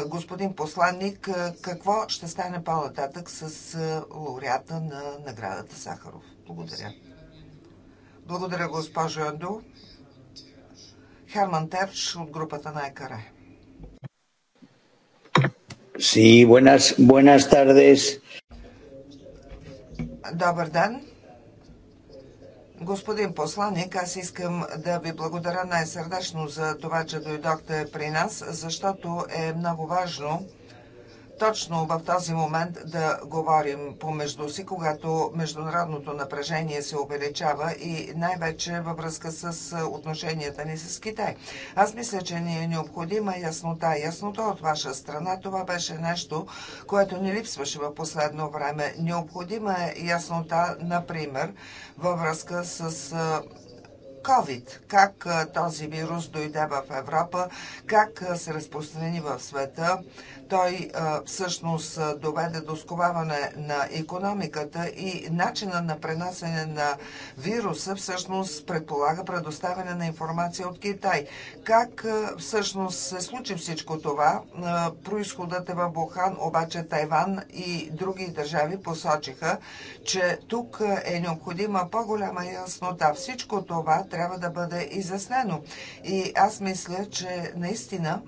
S4: господин посол, посланник, какво ще стане по-нататък с лауреата на наградата Сахаров? Благодаря. Благодаря, госпожо Анду. Херман Терч от групата на ЕКАРЕ.
S1: Sí, buenas, buenas tardes.
S4: Добър ден. Господин посланник, аз искам да ви благодаря най-сърдечно за това, че дойдохте при нас, защото е много важно точно в този момент да говорим помежду си, когато международното напрежение се увеличава и най-вече във връзка с отношенията ни с Китай. Аз мисля, че ни е необходима яснота. Яснота от ваша страна. Това беше нещо, което ни липсваше в последно време. Необходима е яснота, например, във връзка с COVID, как този вирус дойде в Европа, как се разпространи в света, той всъщност доведе до сковаване на економиката и начина на пренасене на вируса всъщност предполага предоставяне на информация от Китай. Как всъщност се случи всичко това? Происходът е в Бухан, обаче Тайван и други държави посочиха, че тук е необходима по-голяма яснота. Всичко това трябва да бъде изяснено. И аз мисля, че наистина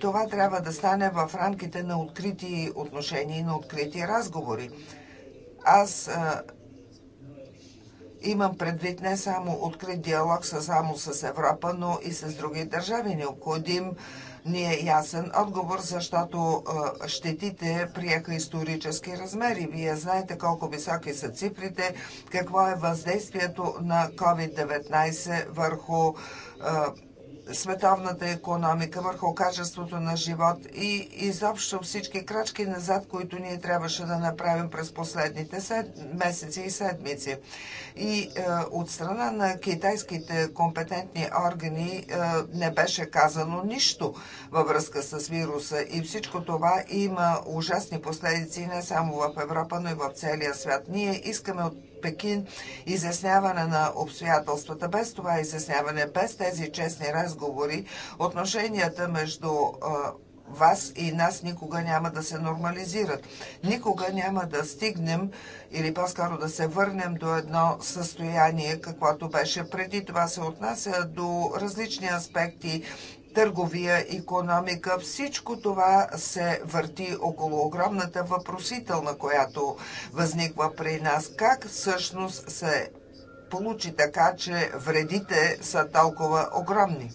S4: Това трябва да стане в рамките на открити отношения и на открити разговори. Аз а, имам предвид не само открит диалог са само с Европа, но и с други държави. Необходим ни е ясен отговор, защото а, щетите приеха исторически размери. Вие знаете колко високи са цифрите, какво е въздействието на COVID-19 върху а, световната економика, върху качеството на живот и изобщо всички крачки назад, които ние трябваше да направим през последните сед... месеци и седмици. И е, от страна на китайските компетентни органи е, не беше казано нищо във връзка с вируса и всичко това има ужасни последици не само в Европа, но и в целия свят. Ние искаме от Пекин изясняване на обстоятелствата. Без това изясняване, без тези честни разговори, отношенията между вас и нас никога няма да се нормализират. Никога няма да стигнем или по-скоро да се върнем до едно състояние, каквото беше преди. Това се отнася до различни аспекти търговия, економика, всичко това се върти около огромната въпросителна, която възниква при нас. Как всъщност се получи така, че вредите са толкова огромни?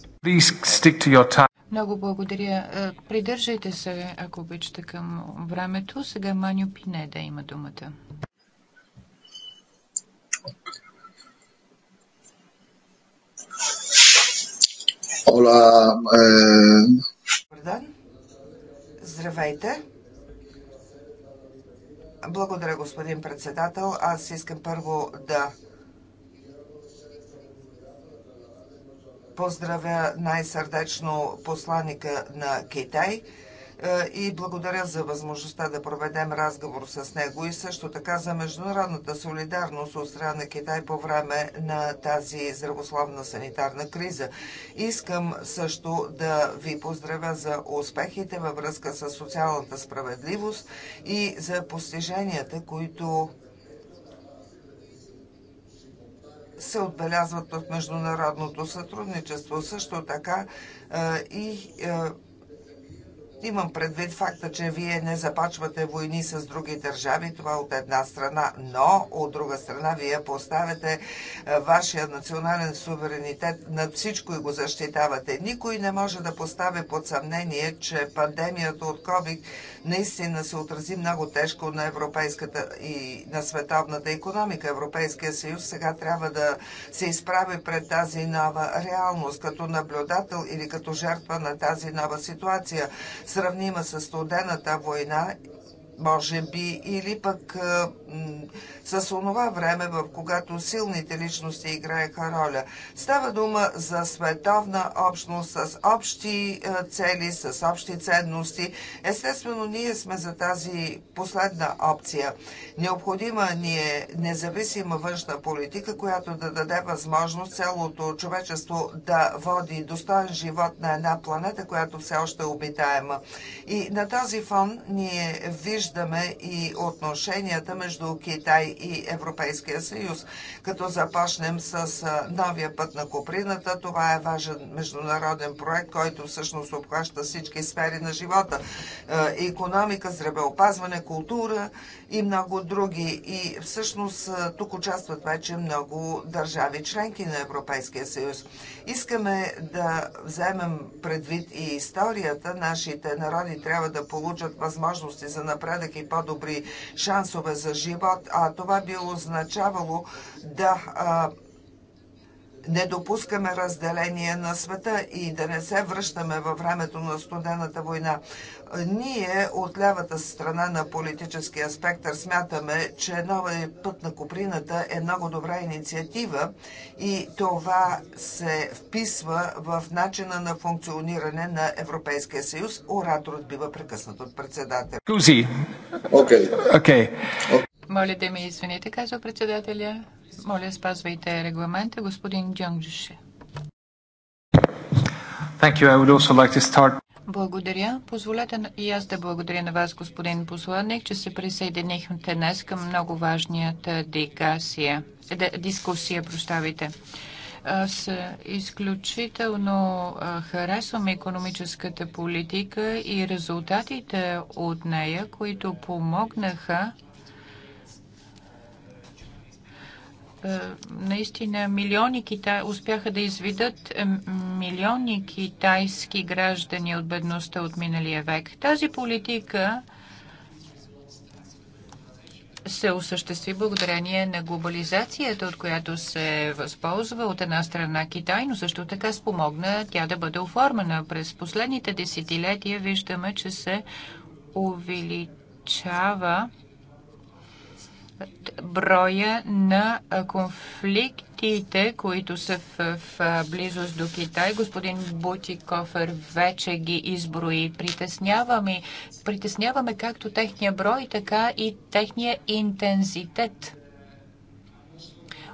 S3: Много благодаря. Е, придържайте се, ако обичате, към времето. Сега Маню Пинеда има думата.
S4: Eh. Ола. Е... Здравейте. Благодаря, господин председател. Аз искам първо да поздравя най-сърдечно посланника на Китай – е, и благодаря за възможността да проведем разговор с него и също така за международната солидарност от страна на Китай по време на тази здравословна санитарна криза. Искам също да ви поздравя за успехите във връзка с социалната справедливост и за постиженията, които се отбелязват от международното сътрудничество. Също така е, и е, Имам предвид факта, че вие не започвате войни с други държави, това от една страна, но от друга страна вие поставяте е, вашия национален суверенитет над всичко и го защитавате. Никой не може да постави под съмнение, че пандемията от COVID наистина се отрази много тежко на европейската и на световната економика. Европейския съюз сега трябва да се изправи пред тази нова реалност, като наблюдател или като жертва на тази нова ситуация сравнима с студената война, може би, или пък с онова време, в когато силните личности играеха роля. Става дума за световна общност с общи е, цели, с общи ценности. Естествено, ние сме за тази последна опция. Необходима ни е независима външна политика, която да даде възможност цялото човечество да води достоен живот на една планета, която все още е обитаема. И на този фон ние виждаме и отношенията между между Китай и Европейския съюз. Като започнем с новия път на Коприната, това е важен международен проект, който всъщност обхваща всички сфери на живота. Економика, здравеопазване, култура и много други. И всъщност тук участват вече много държави, членки на Европейския съюз. Искаме да вземем предвид и историята. Нашите народи трябва да получат възможности за напредък и по-добри шансове за живота живот, а това би означавало да не допускаме разделение на света и да не се връщаме във времето на студената война. Ние от лявата страна на политическия спектър смятаме, че нова път на Куприната е много добра инициатива и това се вписва в начина на функциониране на Европейския съюз. Ораторът бива прекъснат от председателя.
S1: Окей. Okay. Okay.
S3: Моля да ми извините, казва председателя. Моля, спазвайте регламента. Господин Джонгджуше. Благодаря. Позволете и аз да благодаря на вас, господин посланник, че се присъединихте днес към много важният е, дикасия, е, дискусия. Прощавайте. Аз е, изключително харесвам економическата политика и резултатите от нея, които помогнаха Е, наистина милиони китай, успяха да изведат е, милиони китайски граждани от бедността от миналия век. Тази политика се осъществи благодарение на глобализацията, от която се възползва от една страна Китай, но също така спомогна тя да бъде оформена. През последните десетилетия виждаме, че се увеличава броя на конфликтите, които са в, в близост до Китай. Господин Бутикофер вече ги изброи. Притесняваме, притесняваме както техния брой, така и техния интензитет.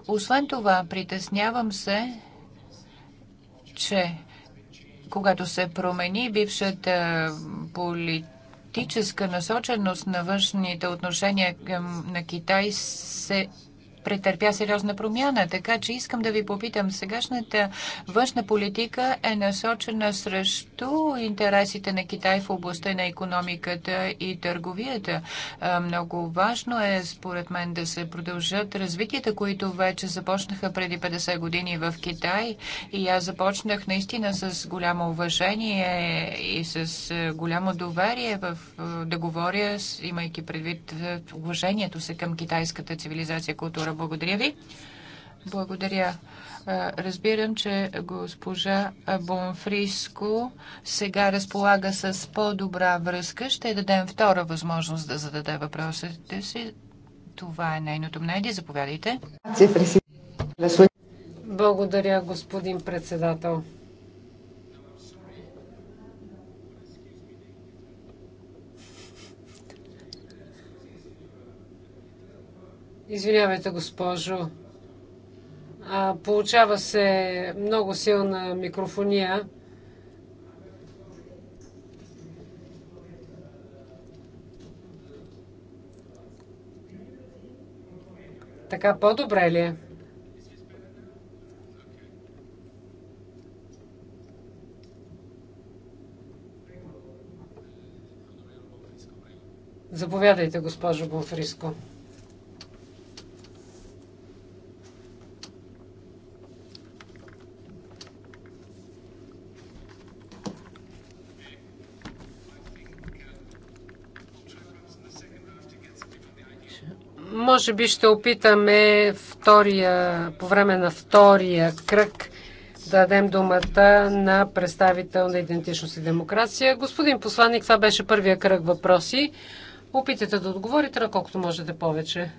S3: Освен това, притеснявам се, че когато се промени бившата политика, политическа насоченост на външните отношения към, на Китай се претърпя сериозна промяна. Така че искам да ви попитам, сегашната външна политика е насочена срещу интересите на Китай в областта на економиката и търговията. Много важно е, според мен, да се продължат развитията, които вече започнаха преди 50 години в Китай. И аз започнах наистина с голямо уважение и с голямо доверие в, да говоря, имайки предвид уважението се към китайската цивилизация, култура, отговора. Благодаря ви. Благодаря. Разбирам, че госпожа Бонфриско сега разполага с по-добра връзка. Ще дадем втора възможност да зададе въпросите си. Това е нейното мнение. Заповядайте. Благодаря,
S2: господин председател. Извинявайте, госпожо. А, получава се много силна микрофония. Така по-добре ли е? Заповядайте, госпожо Бонфриско. Може би ще опитаме втория, по време на втория кръг да дадем думата на представител на идентичност и демокрация. Господин посланник, това беше първия кръг въпроси. Опитайте да отговорите на колкото можете повече.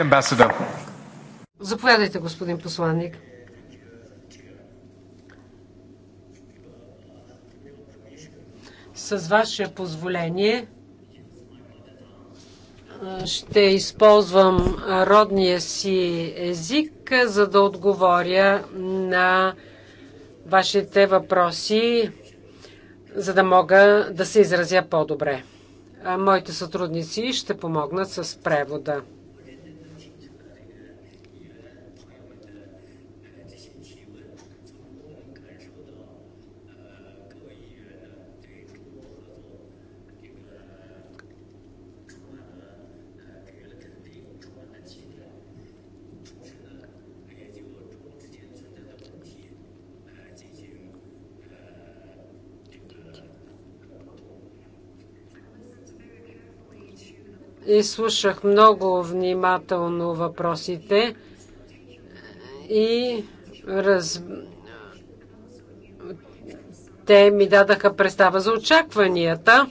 S2: Ambassador. Заповядайте, господин посланник. С ваше позволение ще използвам родния си език, за да отговоря на вашите въпроси, за да мога да се изразя по-добре. Моите сътрудници ще помогнат с превода. и слушах много внимателно въпросите и раз... те ми дадаха представа за очакванията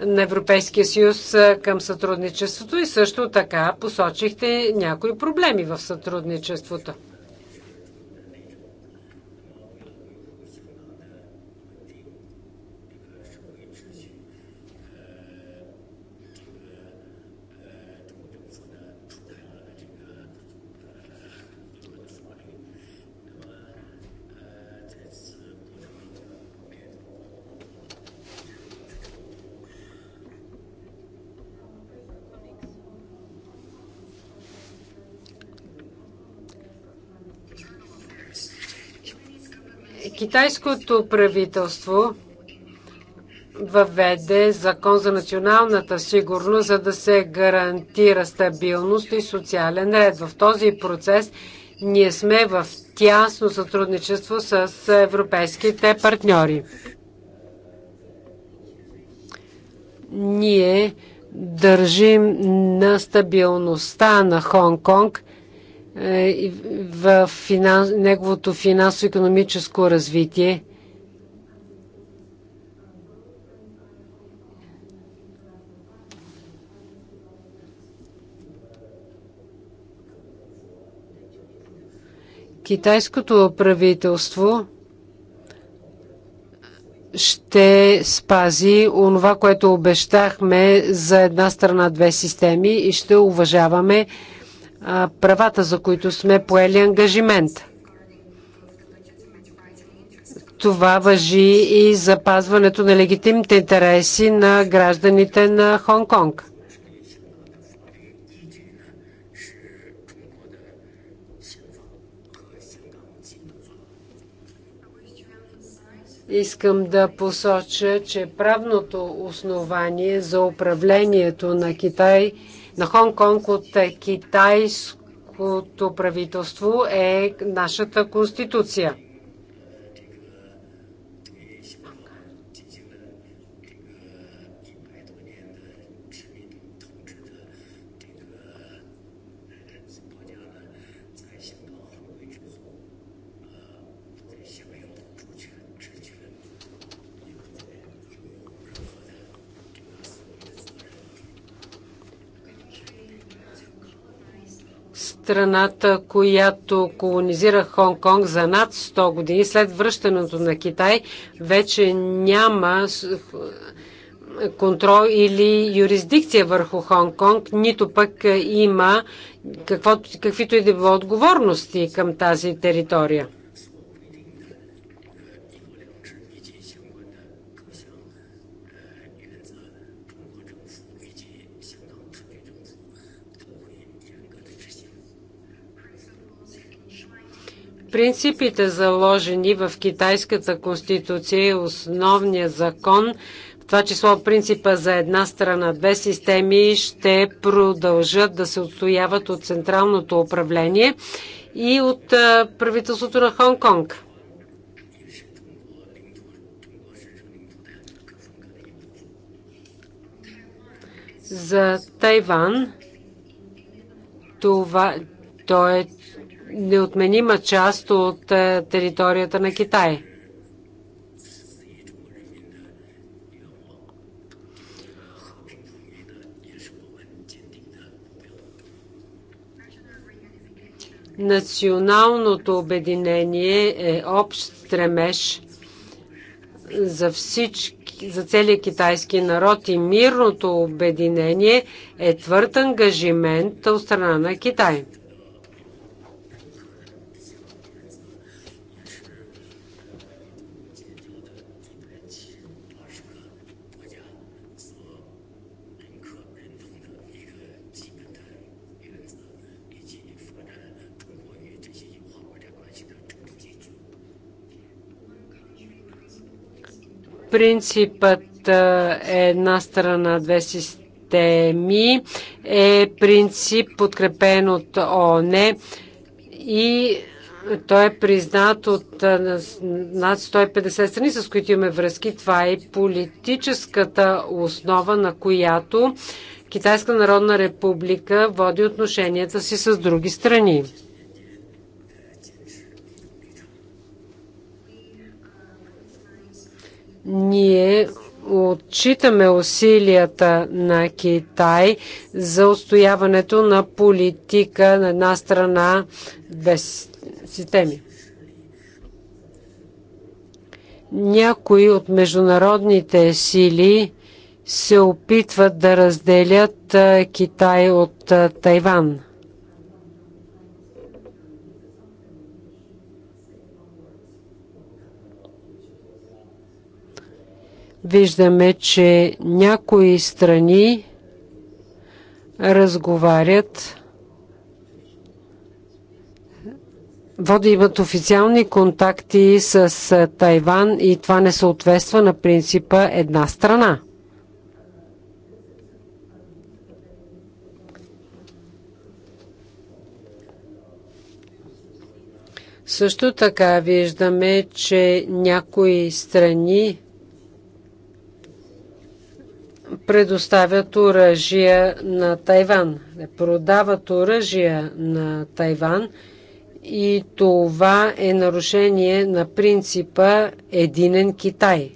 S2: на Европейския съюз към сътрудничеството и също така посочихте някои проблеми в сътрудничеството. Китайското правителство въведе закон за националната сигурност, за да се гарантира стабилност и социален ред. В този процес ние сме в тясно сътрудничество с европейските партньори. Ние държим на стабилността на Хонг-Конг е, в неговото финансово-економическо развитие. Китайското правителство ще спази онова, което обещахме за една страна две системи и ще уважаваме правата, за които сме поели ангажимент. Това въжи и запазването на легитимните интереси на гражданите на Хонг-Конг. Искам да посоча, че правното основание за управлението на Китай – на Хонг-Конг от китайското правителство е нашата конституция. страната, която колонизира Хонг-Конг за над 100 години, след връщането на Китай, вече няма контрол или юрисдикция върху Хонг-Конг, нито пък има каквото, каквито и да било отговорности към тази територия. Принципите, заложени в Китайската конституция и основния закон, в това число принципа за една страна, две системи, ще продължат да се отстояват от Централното управление и от правителството на Хонг-Конг. За Тайван това, то е неотменима част от е, територията на Китай. Националното обединение е общ стремеж за всички, за целия китайски народ и мирното обединение е твърд ангажимент от страна на Китай. Принципът е една страна, две системи е принцип подкрепен от ООН и той е признат от над 150 страни, с които имаме връзки. Това е политическата основа, на която Китайска народна република води отношенията си с други страни. Ние отчитаме усилията на Китай за устояването на политика на една страна без системи. Някои от международните сили се опитват да разделят Китай от Тайван. виждаме, че някои страни разговарят, води имат официални контакти с Тайван и това не съответства на принципа една страна. Също така виждаме, че някои страни предоставят оръжия на Тайван. Продават оръжия на Тайван и това е нарушение на принципа Единен Китай.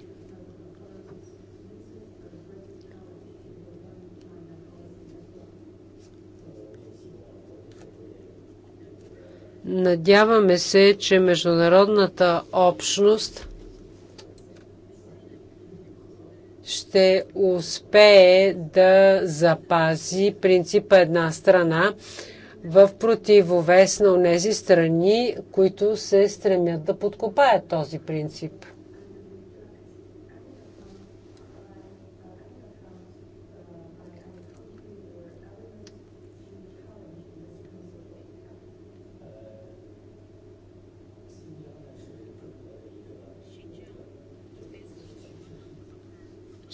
S2: Надяваме се, че международната общност – ще успее да запази принципа една страна в противовес на тези страни, които се стремят да подкопаят този принцип.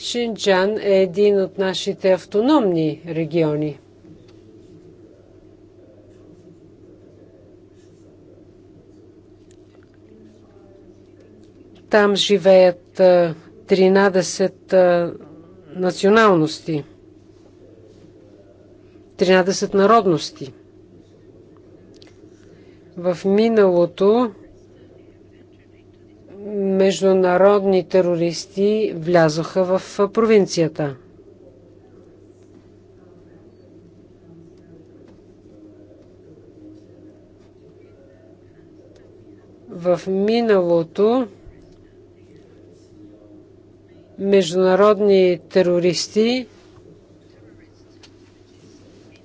S2: Шинджан е един от нашите автономни региони. Там живеят 13 националности, 13 народности. В миналото международни терористи влязоха в провинцията. В миналото международни терористи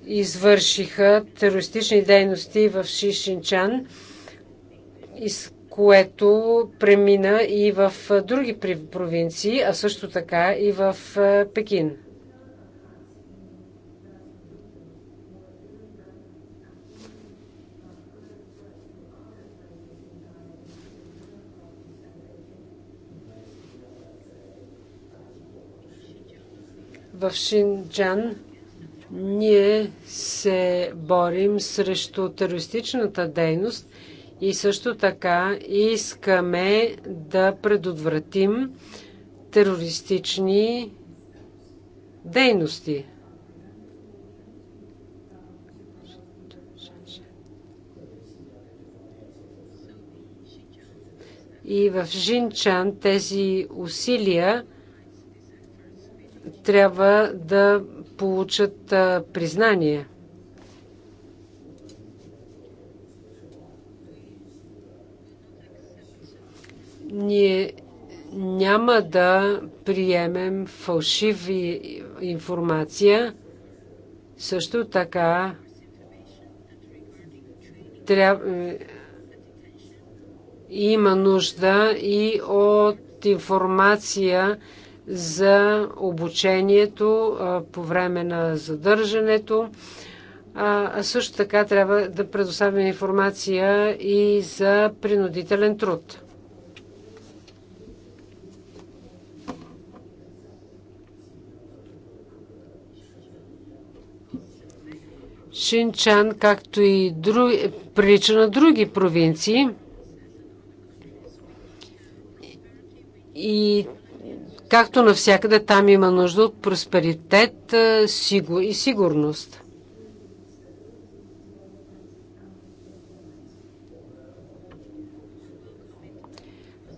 S2: извършиха терористични дейности в Шишинчан. Из което премина и в други провинции, а също така и в Пекин. в Шинджан ние се борим срещу терористичната дейност – и също така искаме да предотвратим терористични дейности. И в Жинчан тези усилия трябва да получат признание. Ние няма да приемем фалшиви информация. Също така тряб... има нужда и от информация за обучението по време на задържането. А също така трябва да предоставим информация и за принудителен труд. Шинчан, както и прилича на други провинции. И както навсякъде, там има нужда от просперитет е, и сигурност.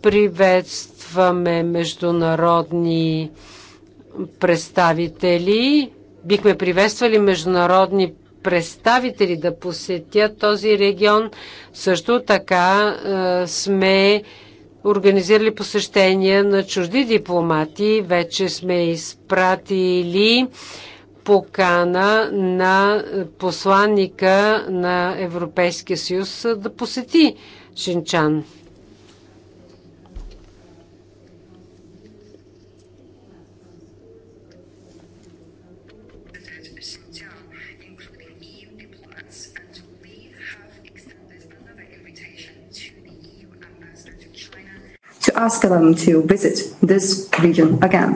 S2: Приветстваме международни представители. Бихме приветствали международни представители да посетят този регион. Също така а, сме организирали посещения на чужди дипломати. Вече сме изпратили покана на посланника на Европейския съюз да посети Шинчан.
S5: ask them to visit this region again.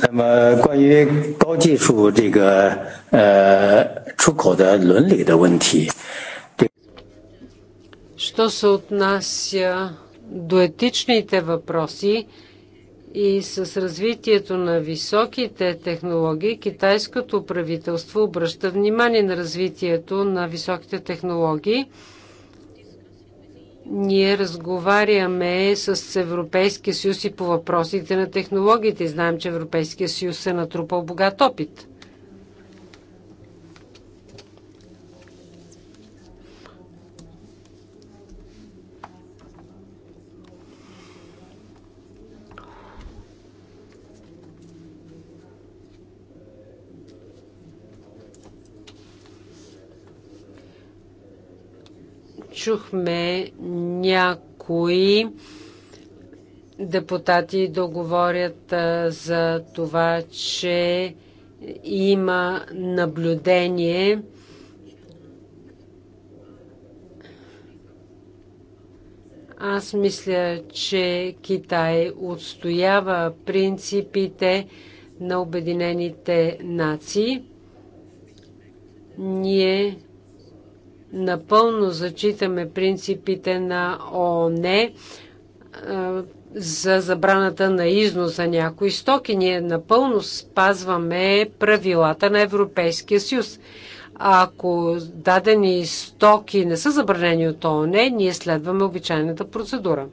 S1: 那么，关于高技术这个呃出口的伦理的问题，对。
S5: Что
S2: се отнася до етичните въпроси и с развитието на високите технологии, китайското правителство обръща внимание на развитието на високите технологии ние разговаряме с Европейския съюз и по въпросите на технологиите. Знаем, че Европейския съюз се натрупал богат опит. чухме някои депутати да говорят за това, че има наблюдение Аз мисля, че Китай отстоява принципите на Обединените нации. Ние Напълно зачитаме принципите на ООН за забраната на износ за някои стоки. Ние напълно спазваме правилата на Европейския съюз. Ако дадени стоки не са забранени от ООН, ние следваме обичайната процедура.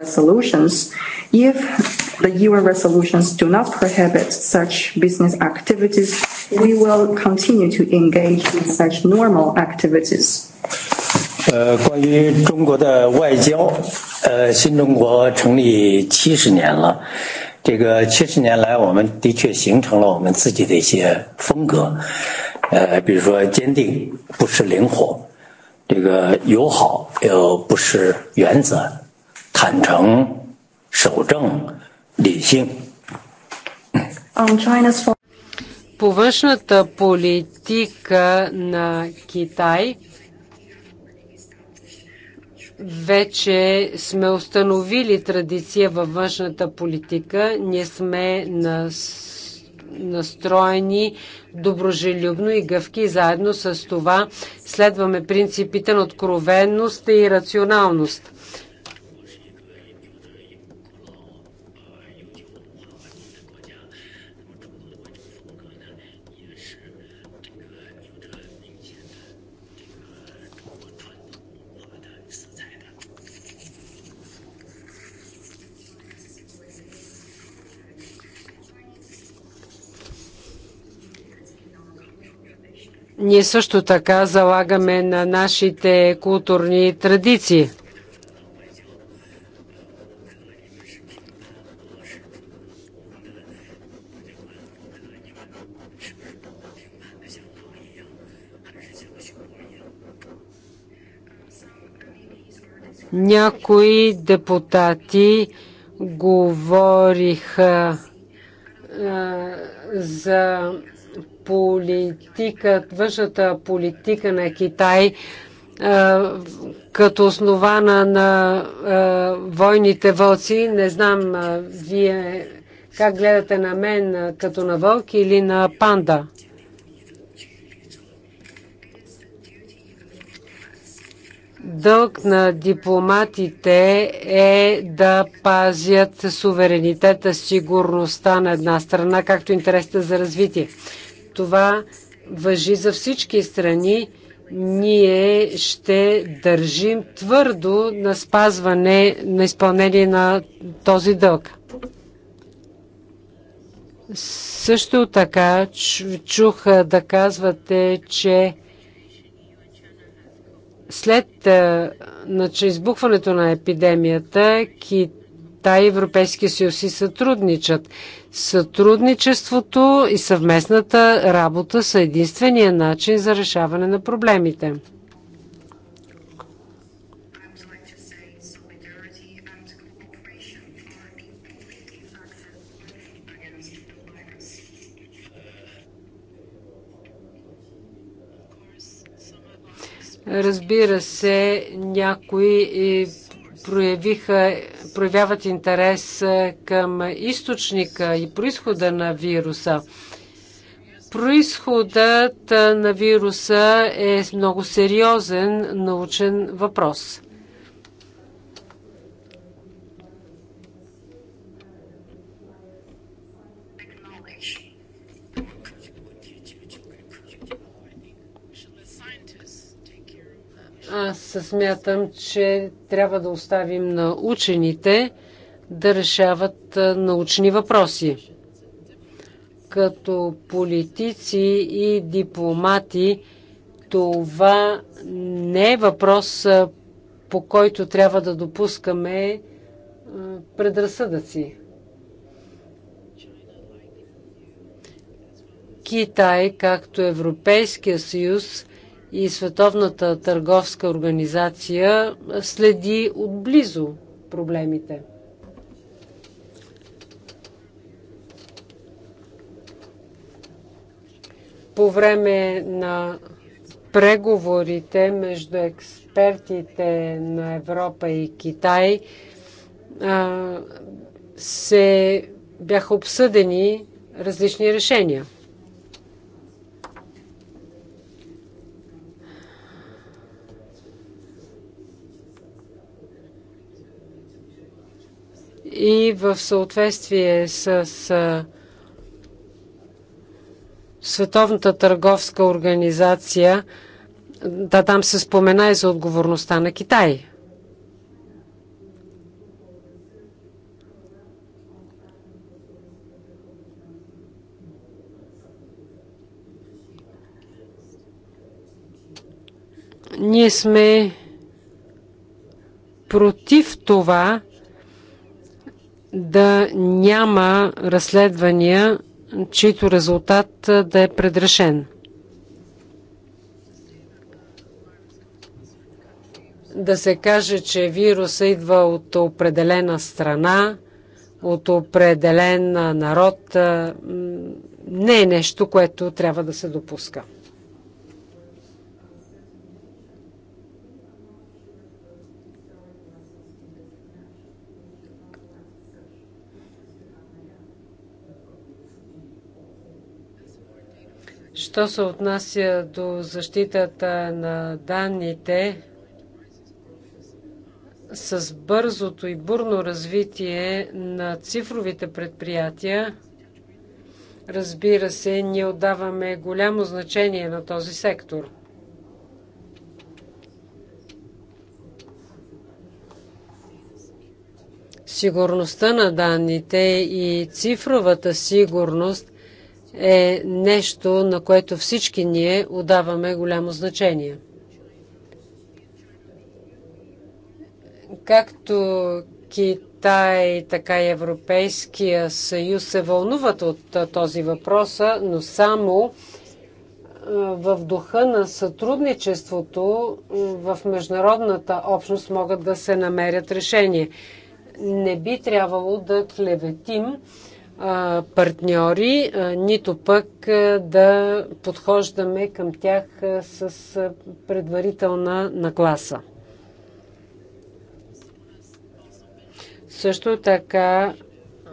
S5: resolutions if the UN resolutions do not prohibit such business activities, we will continue to engage in such normal activities.
S1: 呃，关于中国的外交，呃，新中国成立七十年了，这个七十年来，我们的确形成了我们自己的一些风格，呃，比如说坚定不失灵活，这个友好又不失原则，坦诚、守正、理性。
S2: По външната политика на Китай вече сме установили традиция във външната политика. Ние сме настроени доброжелюбно и гъвки. Заедно с това следваме принципите на откровенност и рационалност. Ние също така залагаме на нашите културни традиции. Някои депутати говориха а, за политика, външната политика на Китай като основана на войните вълци. Не знам вие как гледате на мен, като на вълк или на панда. Дълг на дипломатите е да пазят суверенитета, сигурността на една страна, както интересите за развитие. Това въжи за всички страни. Ние ще държим твърдо на спазване, на изпълнение на този дълг. Също така чух да казвате, че след че избухването на епидемията, Китай Китай и Европейския съюз си сътрудничат. Сътрудничеството и съвместната работа са единствения начин за решаване на проблемите. Разбира се, някои проявиха проявяват интерес към източника и происхода на вируса. Происходът на вируса е много сериозен научен въпрос. Аз смятам, че трябва да оставим на учените да решават научни въпроси. Като политици и дипломати, това не е въпрос, по който трябва да допускаме предразсъдъци. Китай, както Европейския съюз, и Световната търговска организация следи отблизо проблемите. По време на преговорите между експертите на Европа и Китай се бяха обсъдени различни решения. и в съответствие с Световната търговска организация, да, там се спомена и за отговорността на Китай. Ние сме против това да няма разследвания, чийто резултат да е предрешен. Да се каже, че вируса идва от определена страна, от определен народ, не е нещо, което трябва да се допуска. Що се отнася до защитата на данните, с бързото и бурно развитие на цифровите предприятия, разбира се, ние отдаваме голямо значение на този сектор. Сигурността на данните и цифровата сигурност е нещо, на което всички ние отдаваме голямо значение. Както Китай, така и Европейския съюз се вълнуват от този въпрос, но само в духа на сътрудничеството в международната общност могат да се намерят решения. Не би трябвало да клеветим партньори, нито пък да подхождаме към тях с предварителна нагласа. Също така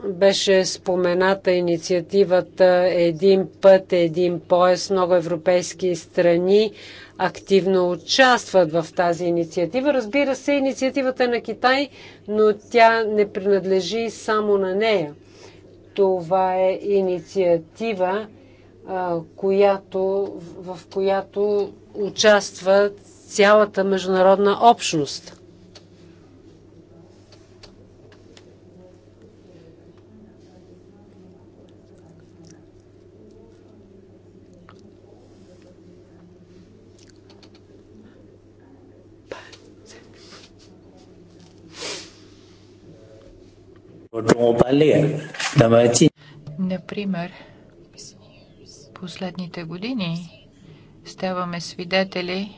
S2: беше спомената инициативата Един път, един пояс. Много европейски страни активно участват в тази инициатива. Разбира се, инициативата е на Китай, но тя не принадлежи само на нея. Това е инициатива, която, в която участва цялата международна общност.
S3: Например, последните години ставаме свидетели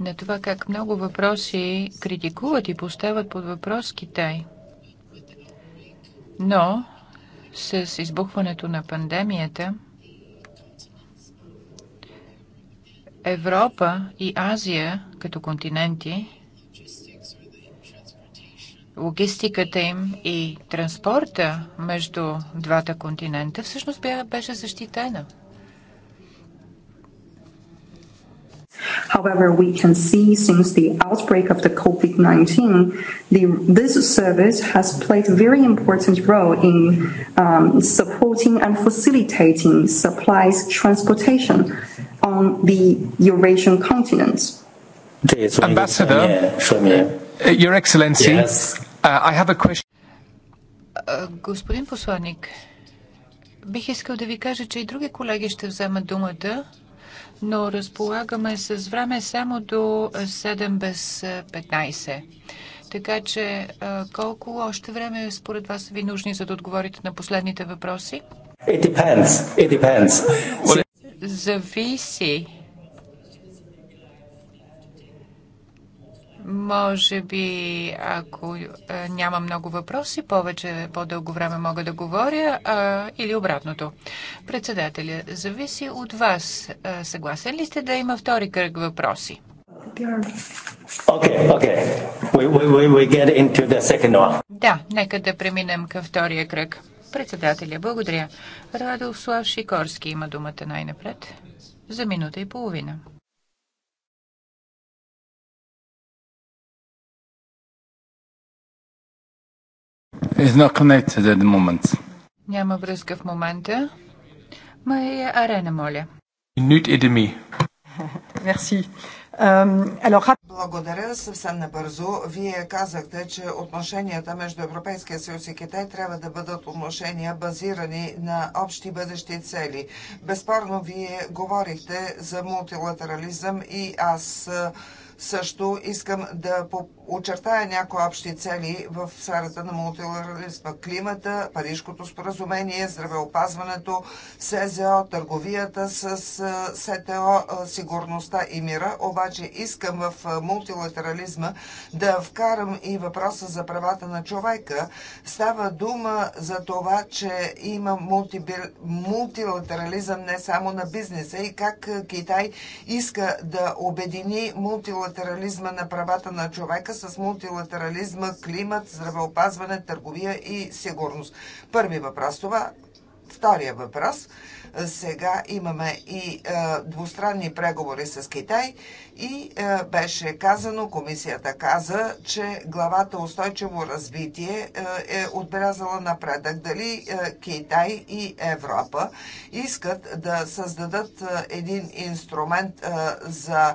S3: на това как много въпроси критикуват и поставят под въпрос Китай. Но с избухването на пандемията Европа и Азия като континенти логистиката им и транспорта между двата континента всъщност беше защитена.
S5: However, we can see since the outbreak of the COVID-19, the, this service has played a very important role in um, supporting and facilitating supplies transportation on the Eurasian continent.
S1: Ambassador, Your Excellency, yes.
S3: Uh, uh, господин посланник, бих искал да ви кажа, че и други колеги ще вземат думата, но разполагаме с време само до 7 без 15. Така че колко още време според вас ви нужни, за да отговорите на последните въпроси? It depends. It depends. Зависи Може би, ако е, няма много въпроси, повече по-дълго време мога да говоря или обратното. Председателя, зависи от вас. Е, съгласен ли сте да има втори кръг въпроси?
S1: Okay, okay. We, we, we get into the second one.
S3: Да, нека да преминем към втория кръг. Председателя, благодаря. Радослав Шикорски има думата най-напред за минута и половина. Няма връзка в момента. Мария Арена, моля.
S1: Минут и деми.
S2: Мерси.
S4: Благодаря съвсем набързо. Вие казахте, че отношенията между Европейския съюз и Китай трябва да бъдат отношения базирани на общи бъдещи цели. Безспорно, вие говорихте за мултилатерализъм и аз също искам да попитам очертая някои общи цели в сферата на мултилатерализма. Климата, Парижкото споразумение, здравеопазването, СЗО, търговията с СТО, сигурността и мира. Обаче искам в мултилатерализма да вкарам и въпроса за правата на човека. Става дума за това, че има мултилатерализъм не само на бизнеса и как Китай иска да обедини мултилатерализма на правата на човека с мултилатерализма, климат, здравеопазване, търговия и сигурност. Първи въпрос това. Втория въпрос. Сега имаме и е, двустранни преговори с Китай и е, беше казано, комисията каза, че главата устойчиво развитие е, е отбелязала напредък. Дали е, Китай и Европа искат да създадат е, един инструмент е, за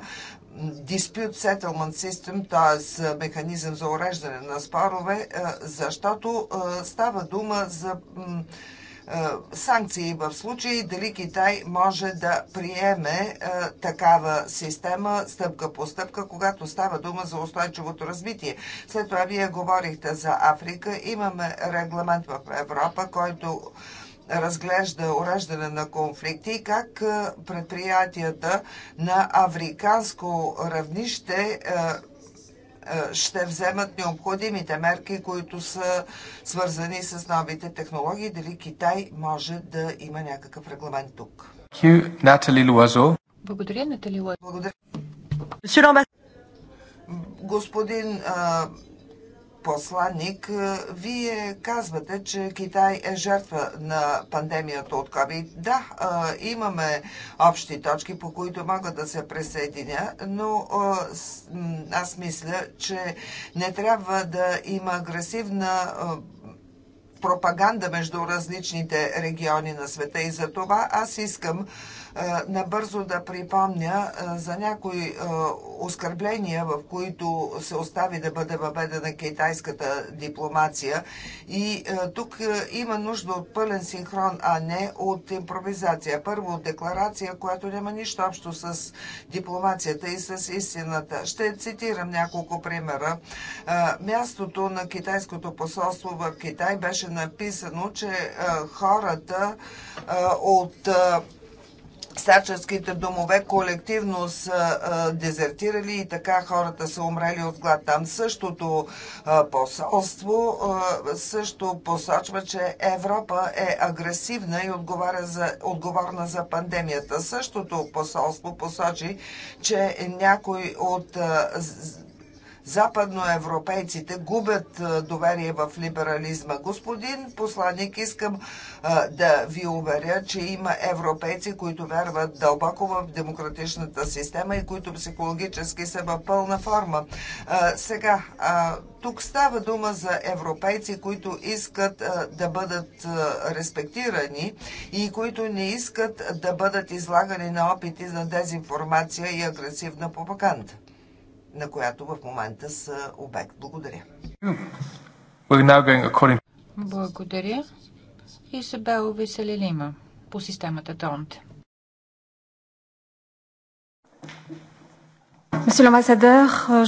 S4: Диспют Settlement систем, т.е. механизъм за уреждане на спорове, е, защото е, става дума за е, санкции в случай дали Китай може да приеме такава система стъпка по стъпка, когато става дума за устойчивото развитие. След това вие говорихте за Африка. Имаме регламент в Европа, който разглежда уреждане на конфликти и как предприятията на африканско равнище ще вземат необходимите мерки, които са свързани с новите технологии. Дали Китай може да има някакъв регламент тук? Благодаря, Натали Луазо. Благодаря. Господин посланник, вие казвате, че Китай е жертва на пандемията от COVID. Да, имаме общи точки, по които мога да се присъединя, но аз мисля, че не трябва да има агресивна пропаганда между различните региони на света и за това аз искам е, набързо да припомня е, за някои е, оскърбления, в които се остави да бъде въведена китайската дипломация. И тук има нужда от пълен синхрон, а не от импровизация. Първо от декларация, която няма нищо общо с дипломацията и с истината. Ще цитирам няколко примера. Мястото на китайското посолство в Китай беше написано, че хората от Сачевските домове колективно са а, дезертирали и така хората са умрели от глад. Там същото а, посолство а, също посочва, че Европа е агресивна и отговаря за, отговорна за пандемията. Същото посолство посочи, че някои от а, западноевропейците губят доверие в либерализма. Господин посланник, искам да ви уверя, че има европейци, които вярват дълбоко в демократичната система и които психологически са в пълна форма. Сега, тук става дума за европейци, които искат да бъдат респектирани и които не искат да бъдат излагани на опити на дезинформация и агресивна пропаганда на която в момента са обект. Благодаря. Благодаря. Изабел
S3: Веселилима по системата ТОНТ.
S2: Euh,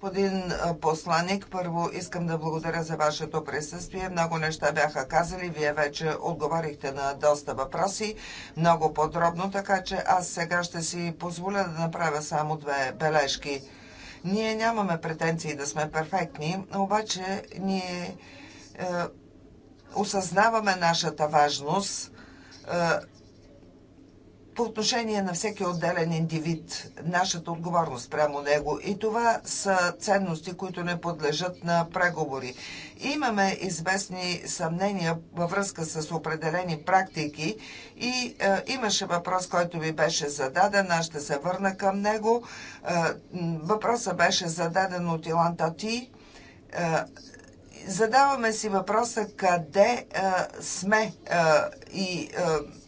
S4: Господин посланник, първо искам да благодаря за вашето присъствие. Много неща бяха казали. Вие вече отговорихте на доста въпроси, много подробно, така че аз сега ще си позволя да направя само две бележки. Ние нямаме претенции да сме перфектни, обаче ние е, осъзнаваме нашата важност е, – по отношение на всеки отделен индивид, нашата отговорност прямо него. И това са ценности, които не подлежат на преговори. Имаме известни съмнения във връзка с определени практики и е, имаше въпрос, който ми беше зададен. Аз ще се върна към него. Е, въпросът беше зададен от Илан Тати. Е, задаваме си въпроса къде е, сме е, и е,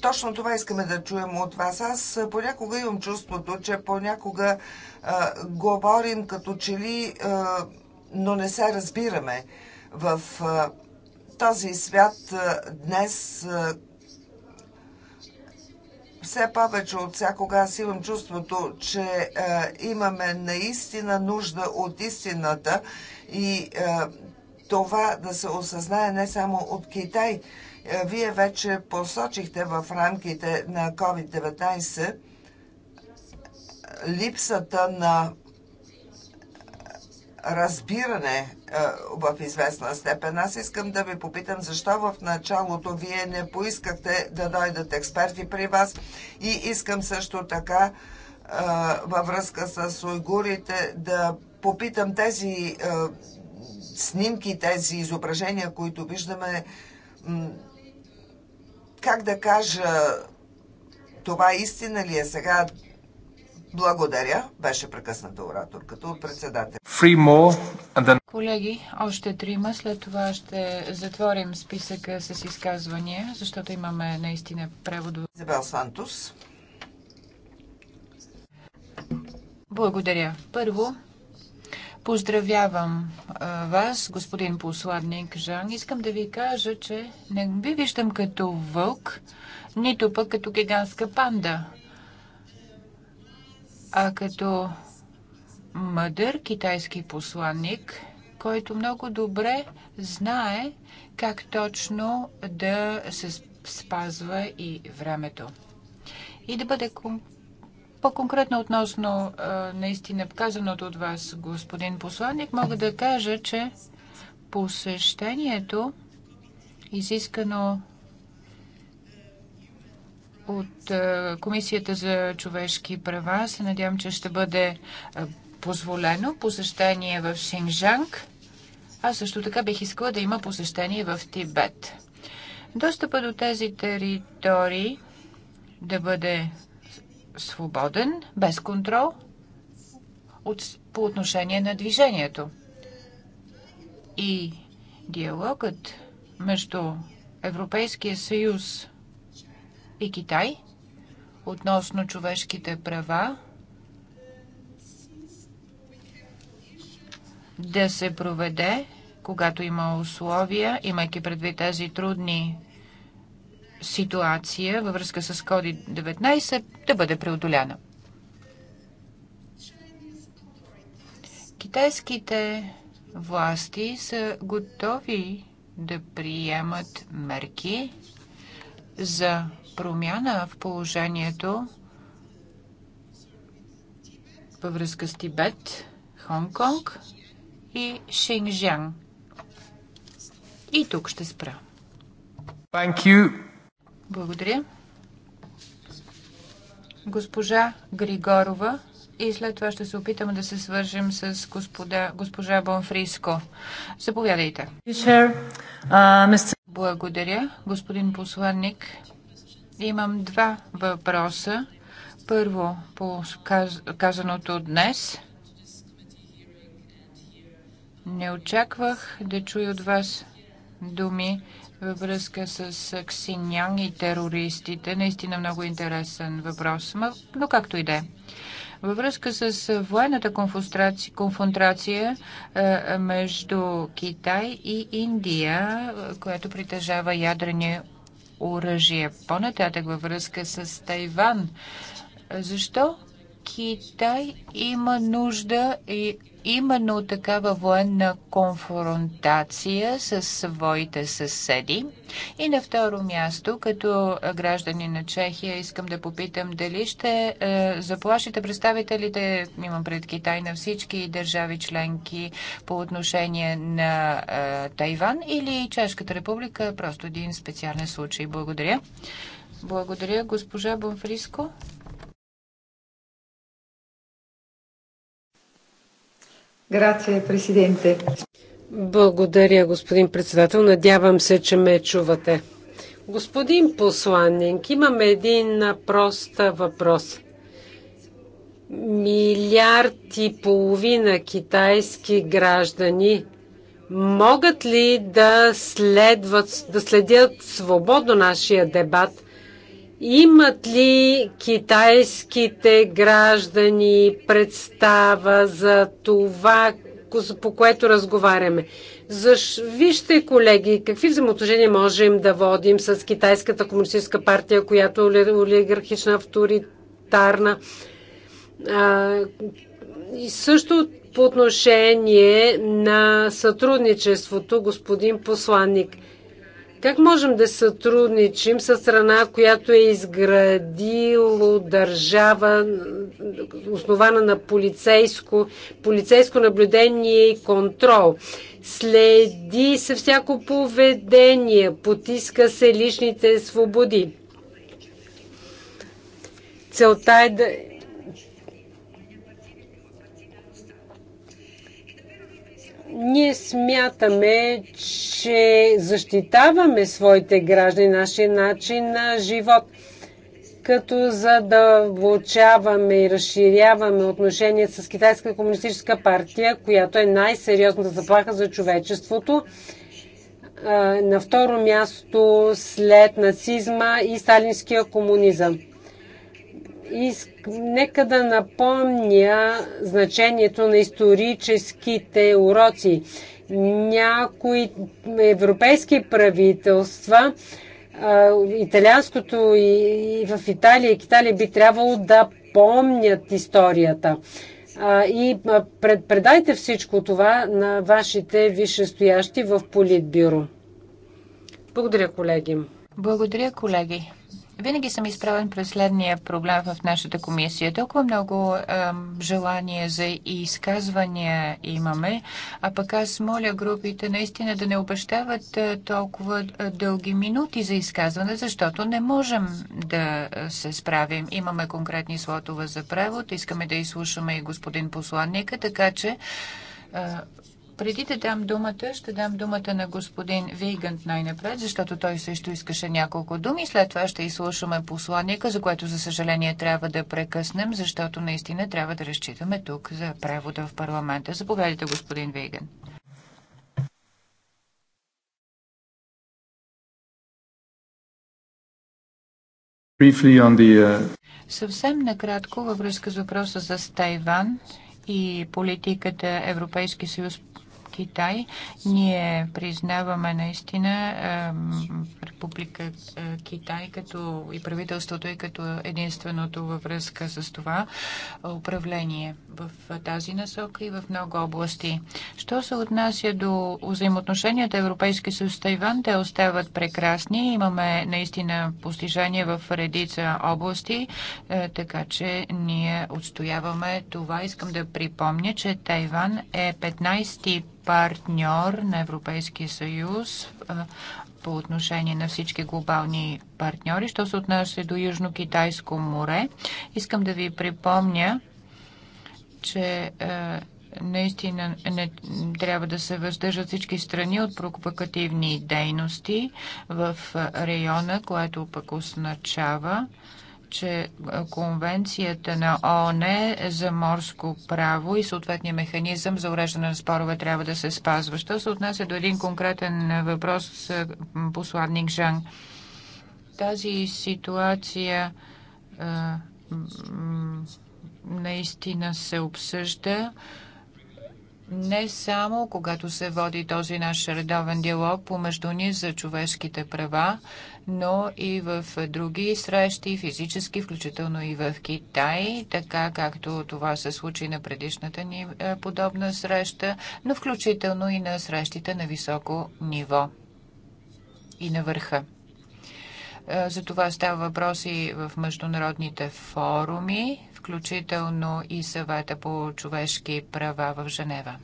S4: точно това искаме да чуем от вас. Аз понякога имам чувството, че понякога а, говорим като че ли, а, но не се разбираме. В а, този свят а, днес а, все повече от всякога аз имам чувството, че а, имаме наистина нужда от истината и а, това да се осъзнае не само от Китай. Е, вие вече посочихте в рамките на COVID-19 е, липсата на е, разбиране в известна степен. Аз искам да ви попитам защо в началото вие не поискахте да дойдат експерти при вас и искам също така във връзка с уйгурите да попитам тези снимки, тези изображения, които виждаме, как да кажа, това истина ли е сега? Благодаря, беше прекъсната оратор като председател.
S1: Then...
S3: Колеги, още трима, след това ще затворим списъка с изказвания, защото имаме наистина превод. Изабел Сантус. Благодаря. Първо, Поздравявам вас, господин посланник Жан. Искам да ви кажа, че не ви виждам като вълк, нито пък като гигантска панда, а като мъдър китайски посланник, който много добре знае как точно да се спазва и времето и да бъде по-конкретно относно наистина казаното от вас, господин посланник, мога да кажа, че посещението, изискано от Комисията за човешки права, се надявам, че ще бъде позволено посещение в Шинжанг. Аз също така бих искала да има посещение в Тибет. Достъпа до тези територии да бъде свободен, без контрол от, по отношение на движението. И диалогът между Европейския съюз и Китай относно човешките права да се проведе, когато има условия, имайки предвид тези трудни ситуация във връзка с COVID-19 да бъде преодоляна. Китайските власти са готови да приемат мерки за промяна в положението във връзка с Тибет, Хонг-Конг и Шинжан. И тук ще спра. Thank you. Благодаря. Госпожа Григорова и след това ще се опитам да се свържем с господа, госпожа Бонфриско. Заповядайте. Благодаря, господин посланник. Имам два въпроса. Първо, по казаното днес. Не очаквах да чуя от вас думи във връзка с Ксинян и терористите. Наистина много интересен въпрос, но както и да е. Във връзка с военната конфронтрация, е, между Китай и Индия, която притежава ядрени оръжия. По-нататък във връзка с Тайван. Защо Китай има нужда и именно такава военна конфронтация с своите съседи. И на второ място, като граждани на Чехия, искам да попитам дали ще е, заплашите представителите, имам пред Китай, на всички държави членки по отношение на е, Тайван или Чешката република, е просто един специален случай. Благодаря. Благодаря, госпожа Бонфриско.
S2: Грация, президенте. Благодаря, господин председател. Надявам се, че ме чувате. Господин посланник, имаме един прост въпрос. Милиард и половина китайски граждани могат ли да следват, да следят свободно нашия дебат – имат ли китайските граждани представа за това, по което разговаряме? Защ... Вижте, колеги, какви взаимоотношения можем да водим с Китайската комунистическа партия, която е олигархична, авторитарна. А, и също по отношение на сътрудничеството, господин посланник – как можем да сътрудничим с страна, която е изградила държава, основана на полицейско, полицейско наблюдение и контрол? Следи се всяко поведение, потиска се личните свободи. Целта е да Ние смятаме, че защитаваме своите граждани, нашия начин на живот, като задълбочаваме и разширяваме отношения с Китайска комунистическа партия, която е най-сериозната заплаха за човечеството на второ място след нацизма и сталинския комунизъм. Нека да напомня значението на историческите уроци. Някои европейски правителства италианското и в Италия и Киталия би трябвало да помнят историята. И предайте всичко това на вашите висшестоящи в Политбюро. Благодаря, колеги.
S3: Благодаря, колеги. Винаги съм изправен през следния проблем в нашата комисия. Толкова много ем, желание за изказвания имаме, а пък аз моля групите наистина да не обещават е, толкова дълги минути за изказване, защото не можем да се справим. Имаме конкретни слотове за превод, искаме да изслушаме и господин посланника, така че преди да дам думата, ще дам думата на господин Вейгант най-напред, защото той също искаше няколко думи. След това ще изслушаме посланника, за което, за съжаление, трябва да прекъснем, защото наистина трябва да разчитаме тук за превода в парламента. Заповядайте, господин Вейган.
S1: Uh,
S3: Съвсем накратко във връзка с въпроса за Тайван и политиката Европейски съюз Китай. Ние признаваме наистина Република е, Китай като и правителството и е като единственото във връзка с това е, управление в тази насока и в много области. Що се отнася до взаимоотношенията Европейски съюз Тайван, те остават прекрасни. Имаме наистина постижения в редица области, така че ние отстояваме това. Искам да припомня, че Тайван е 15-ти партньор на Европейския съюз по отношение на всички глобални партньори. Що се отнася до Южно-Китайско море, искам да ви припомня, че наистина не трябва да се въздържат всички страни от прокупакативни дейности в района, което пък означава, че конвенцията на ООН е за морско право и съответния механизъм за уреждане на спорове трябва да се спазва. Що се отнася до един конкретен въпрос с посланник Жан? Тази ситуация а, наистина се обсъжда не само когато се води този наш редовен диалог помежду ни за човешките права, но и в други срещи, физически, включително и в Китай, така както това се случи на предишната ни е, подобна среща, но включително и на срещите на високо ниво и на върха. Е, за това става въпрос и в международните форуми, включително и съвета по човешки права в Женева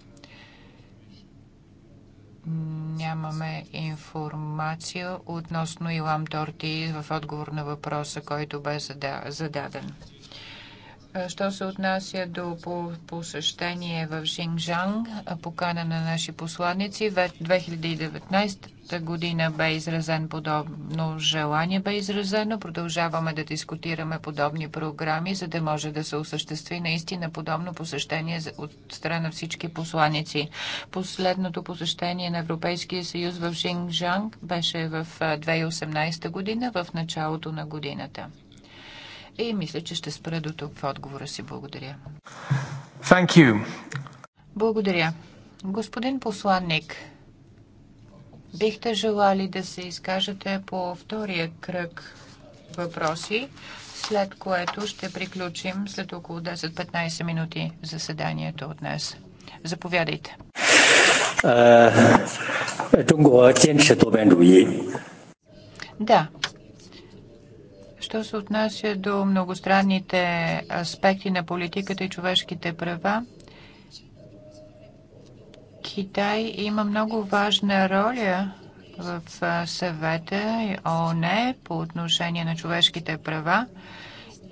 S3: нямаме информация относно Илам Торти в отговор на въпроса, който бе зададен. Що се отнася до посещение в Шинжанг, покана на наши посланици, в 2019 година бе изразен подобно желание, бе изразено. Продължаваме да дискутираме подобни програми, за да може да се осъществи наистина подобно посещение от страна всички посланици. Последното посещение на Европейския съюз в Шинжанг беше в 2018 година, в началото на годината. И мисля, че ще спра до тук в отговора си. Благодаря. Thank you. Благодаря. Господин посланник, бихте желали да се изкажете по втория кръг въпроси, след което ще приключим след около 10-15 минути заседанието от днес. Заповядайте.
S1: Е, е, е,
S3: да, Що се отнася до многостранните аспекти на политиката и човешките права, Китай има много важна роля в съвета и ООН по отношение на човешките права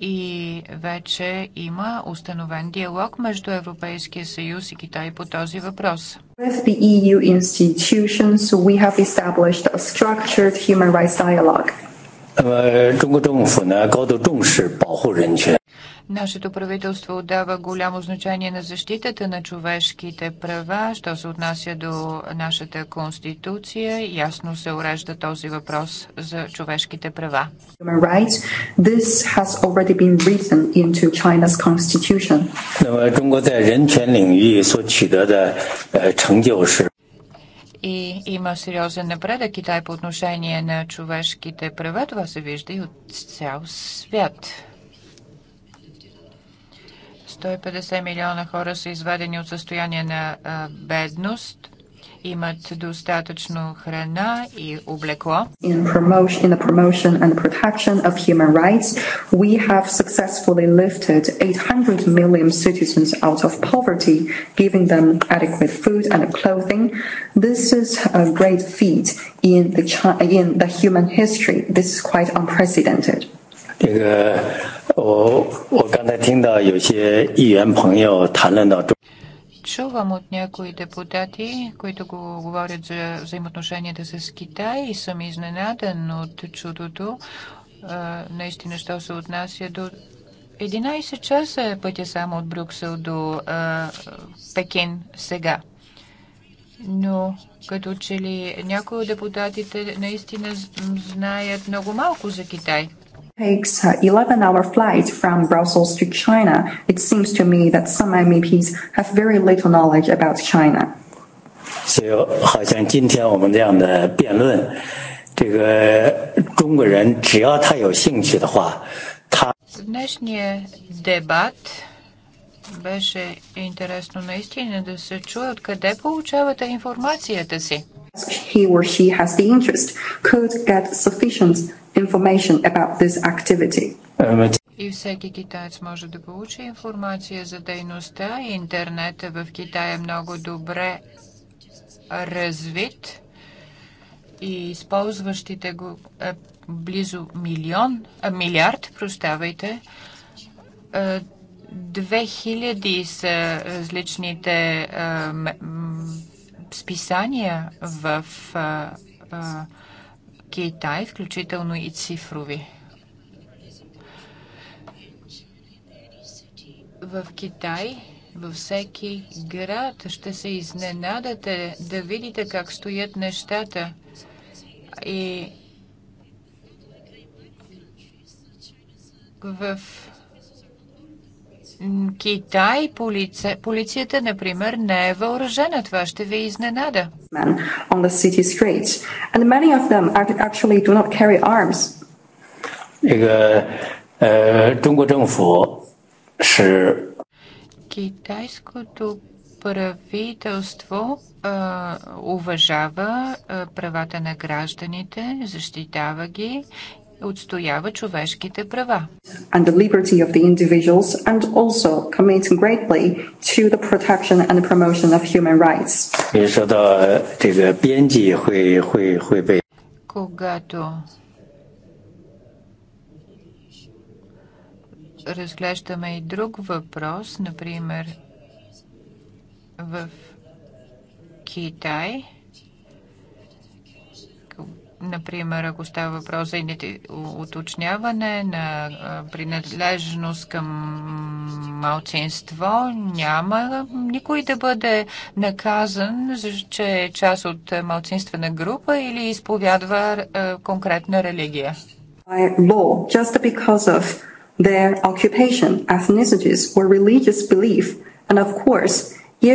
S3: и вече има установен диалог между Европейския съюз и Китай по този въпрос.
S5: With the EU institutions, we have established a structured human rights dialogue.
S1: 那么，中国政府呢高度重视保护人权。
S5: Нашето е,
S3: е правителство отдава голямо значение на защитата на човешките права, що се отнася до нашата конституция. Ясно се урежда този въпрос за
S5: човешките права
S3: и има сериозен напредък Китай по отношение на човешките права. Това се вижда и от цял свят. 150 милиона хора са изведени от състояние на бедност – имат достатъчно храна и облекло. In promotion, in
S5: the promotion and protection of human rights, we have successfully lifted 800 million citizens out of poverty, giving them adequate food and clothing. This is a great feat in the in the human history. This is quite unprecedented.
S1: 这个我我刚才听到有些议员朋友谈论到中。
S3: чувам от някои депутати, които го говорят за взаимоотношенията с Китай и съм изненадан от чудото. Наистина, що се отнася до 11 часа е пътя само от Брюксел до а, Пекин сега. Но като че ли някои от депутатите наистина знаят много малко за Китай
S5: takes 11-hour flight from Brussels to China, it seems to me that some MEPs have very little knowledge about China.
S1: 所以，好像今天我们这样的辩论，这个中国人只要他有兴趣的话，
S3: 他。Днешния дебат беше интересно наистина да се чуе откъде получавате информацията си
S5: he or she has the interest could get sufficient information about this activity.
S3: И всеки китаец може да получи информация за дейността. Интернета в Китай е много добре развит и използващите го е близо милион, а, е, милиард, проставайте. 2000 е, са различните е, списания в а, а, Китай, включително и цифрови. В Китай във всеки град ще се изненадате да видите как стоят нещата. И в Китай, полиция, полицията, например, не е въоръжена. Това ще ви
S5: изненада. On the city streets. And many of them actually do not carry arms.
S3: китайското правителство уважава правата на гражданите, защитава ги отстоява човешките права.
S5: And the liberty of the individuals and also commit greatly to the protection and promotion of human rights.
S3: когато разглеждаме и друг въпрос, например в Китай – Например, ако става въпрос за уточняване на принадлежност към малцинство, няма никой да бъде наказан, че е част от малцинствена група или изповядва конкретна религия.
S5: just because of their occupation, ethnicities or religious belief. And of course,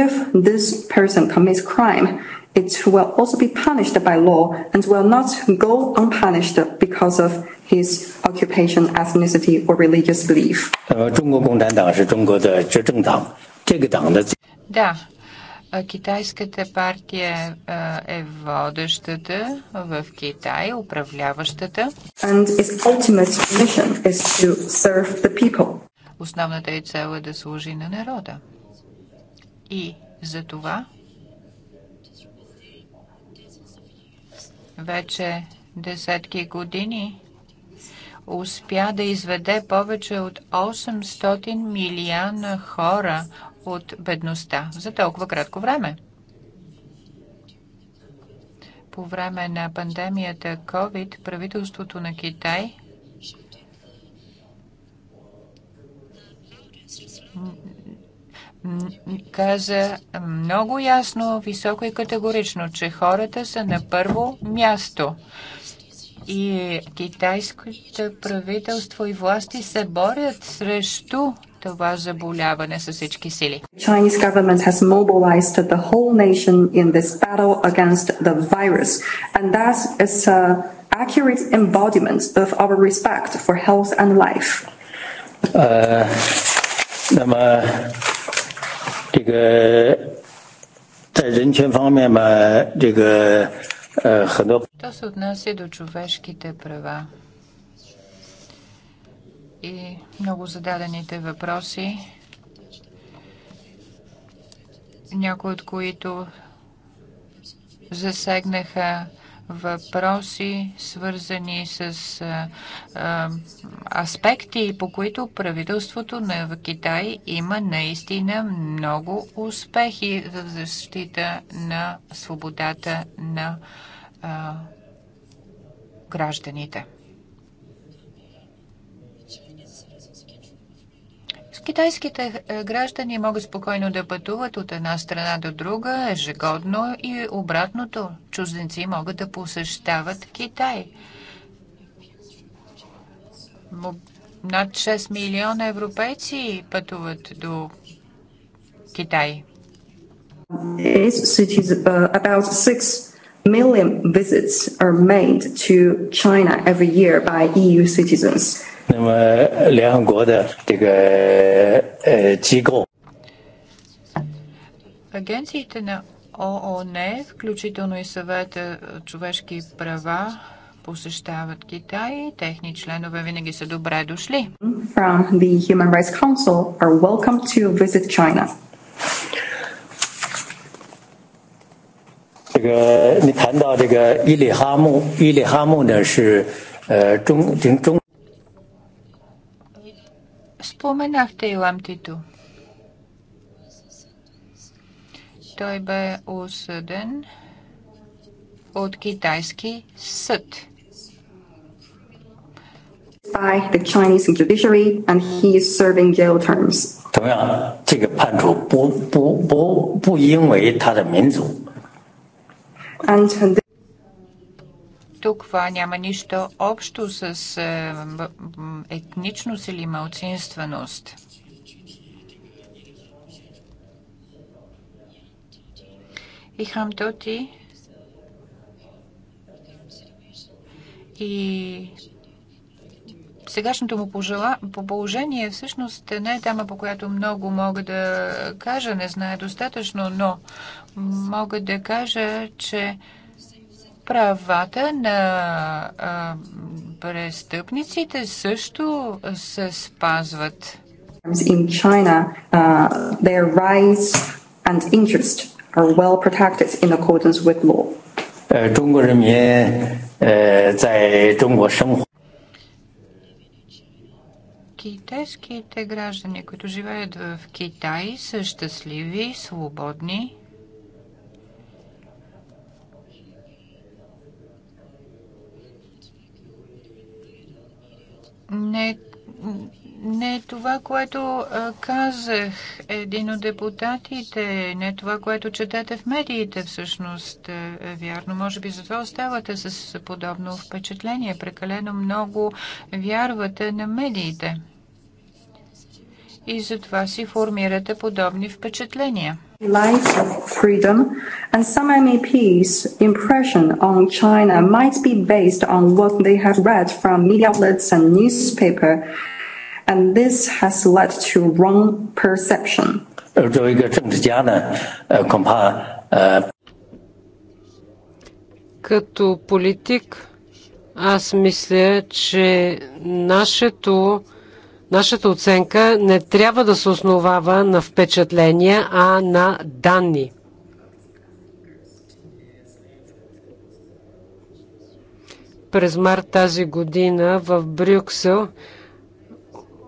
S5: if this person commits crime, it will also be punished by law and will not go unpunished because of his occupation, ethnicity, or religious belief.
S3: Да, Китайската партия е водещата в Китай, управляващата.
S5: And its ultimate mission is to serve the people.
S3: Основната е цел е да служи на народа. И за това вече десетки години успя да изведе повече от 800 милиона хора от бедността за толкова кратко време. По време на пандемията COVID правителството на Китай каза много ясно, високо и категорично, че хората са на първо място. И китайското правителство и власти се борят срещу това заболяване с всички сили.
S5: Chinese government has mobilized the whole nation in this battle against the virus and that is a accurate embodiment of our respect for health and life.
S1: Uh, 这个在人权方面嘛，这个呃很多。
S3: То се отнася до човешките права и много зададените въпроси, някои от които засегнаха въпроси, свързани с аспекти, по които правителството на Китай има наистина много успехи в защита на свободата на гражданите. Китайските е, граждани могат спокойно да пътуват от една страна до друга ежегодно и обратното. Чужденци могат да посещават Китай. Над 6 милиона европейци пътуват до Китай.
S5: Uh, million visits are made to China every year by EU citizens.
S1: 那么联合国的这个呃机构。
S3: Агенциите на ООН, включително и съвета човешки права, посещават Китай и техни членове винаги са добре дошли.
S5: From the Human Rights Council are welcome to visit China.
S3: Споменахте и ламтито. Той бе осъден от китайски съд.
S5: By the Chinese judiciary and he is serving jail terms.
S1: 同样，这个判处不不不不因为他的民族。
S5: And
S3: тук това няма нищо общо с е, етничност или малцинственост. И Доти и сегашното му положение всъщност не е тема, по която много мога да кажа, не знае достатъчно, но мога да кажа, че правата на а, престъпниците също се спазват.
S5: In China, uh, their rights and are well protected in accordance with law.
S1: Uh,
S3: граждани, които живеят в Китай, са щастливи, свободни. Не, не е това, което казах един от депутатите, не е това, което четете в медиите всъщност е вярно. Може би затова оставате с подобно впечатление. Прекалено много вярвате на медиите. И затова си формирате подобни впечатления
S5: life of freedom, and some MEPs' impression on China might be based on what they have read from media outlets and newspaper, and this has led to wrong perception.
S2: като политик, аз мисля, че нашето Нашата оценка не трябва да се основава на впечатления, а на данни. През март тази година в Брюксел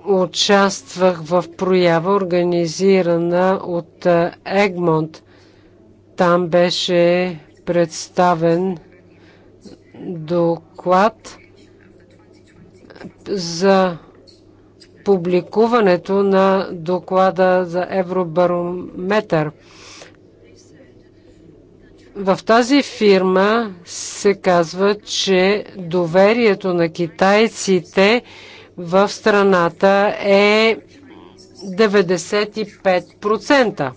S2: участвах в проява, организирана от Егмонт. Там беше представен доклад за публикуването на доклада за Евробарометър. В тази фирма се казва, че доверието на китайците в страната е 95%.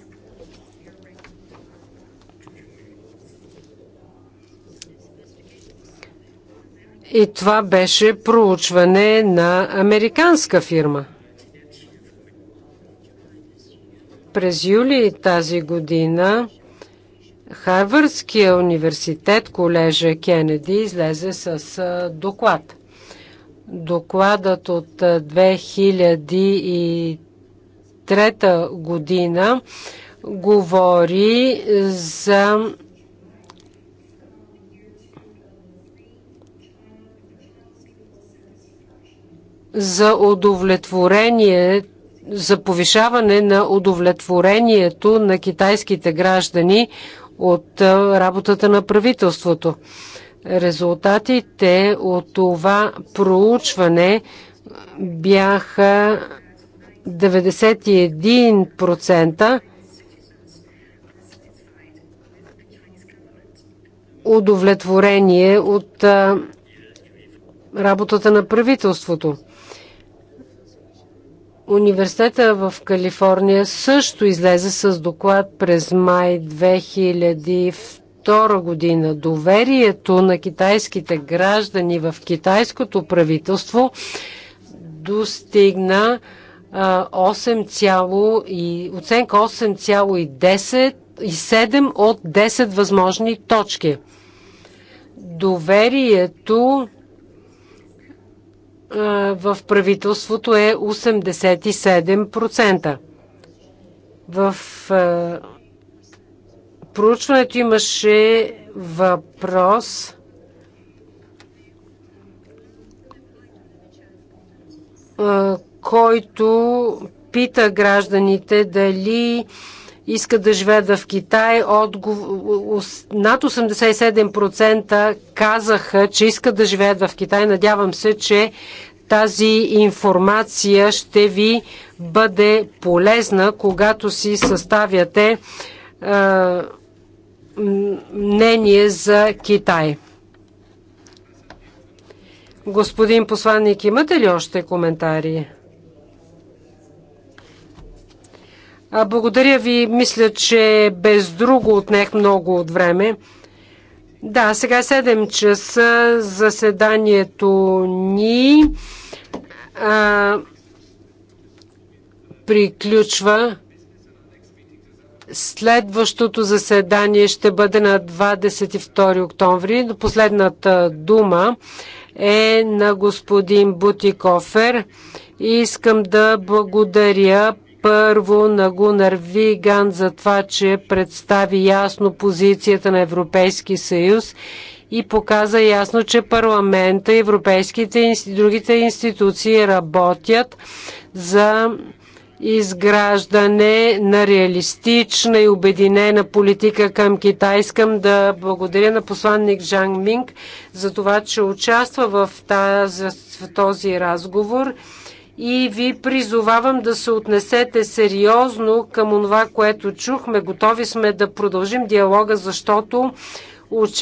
S2: И това беше проучване на американска фирма. През юли тази година Харвардския университет, колежа Кенеди, излезе с доклад. Докладът от 2003 година говори за за удовлетворение, за повишаване на удовлетворението на китайските граждани от работата на правителството. Резултатите от това проучване бяха 91% удовлетворение от работата на правителството. Университета в Калифорния също излезе с доклад през май 2002 година. Доверието на китайските граждани в китайското правителство достигна 8, оценка 8,7 от 10 възможни точки. Доверието в правителството е 87%. В проучването имаше въпрос който пита гражданите дали искат да живеят в Китай. Над 87% казаха, че искат да живеят в Китай. Надявам се, че тази информация ще ви бъде полезна, когато си съставяте е, мнение за Китай. Господин посланник, имате ли още коментари? Благодаря ви. Мисля, че без друго отнех много от време. Да, сега е 7 часа. Заседанието ни а, приключва. Следващото заседание ще бъде на 22 октомври. Последната дума е на господин Бутикофер. Искам да благодаря първо на Гунар Виган за това, че представи ясно позицията на Европейски съюз и показа ясно, че парламента, европейските и другите институции работят за изграждане на реалистична и обединена политика към Китай. Искам да благодаря на посланник Жан Минг за това, че участва в, тази, в този разговор и ви призовавам да се отнесете сериозно към това, което чухме. Готови сме да продължим диалога, защото очакваме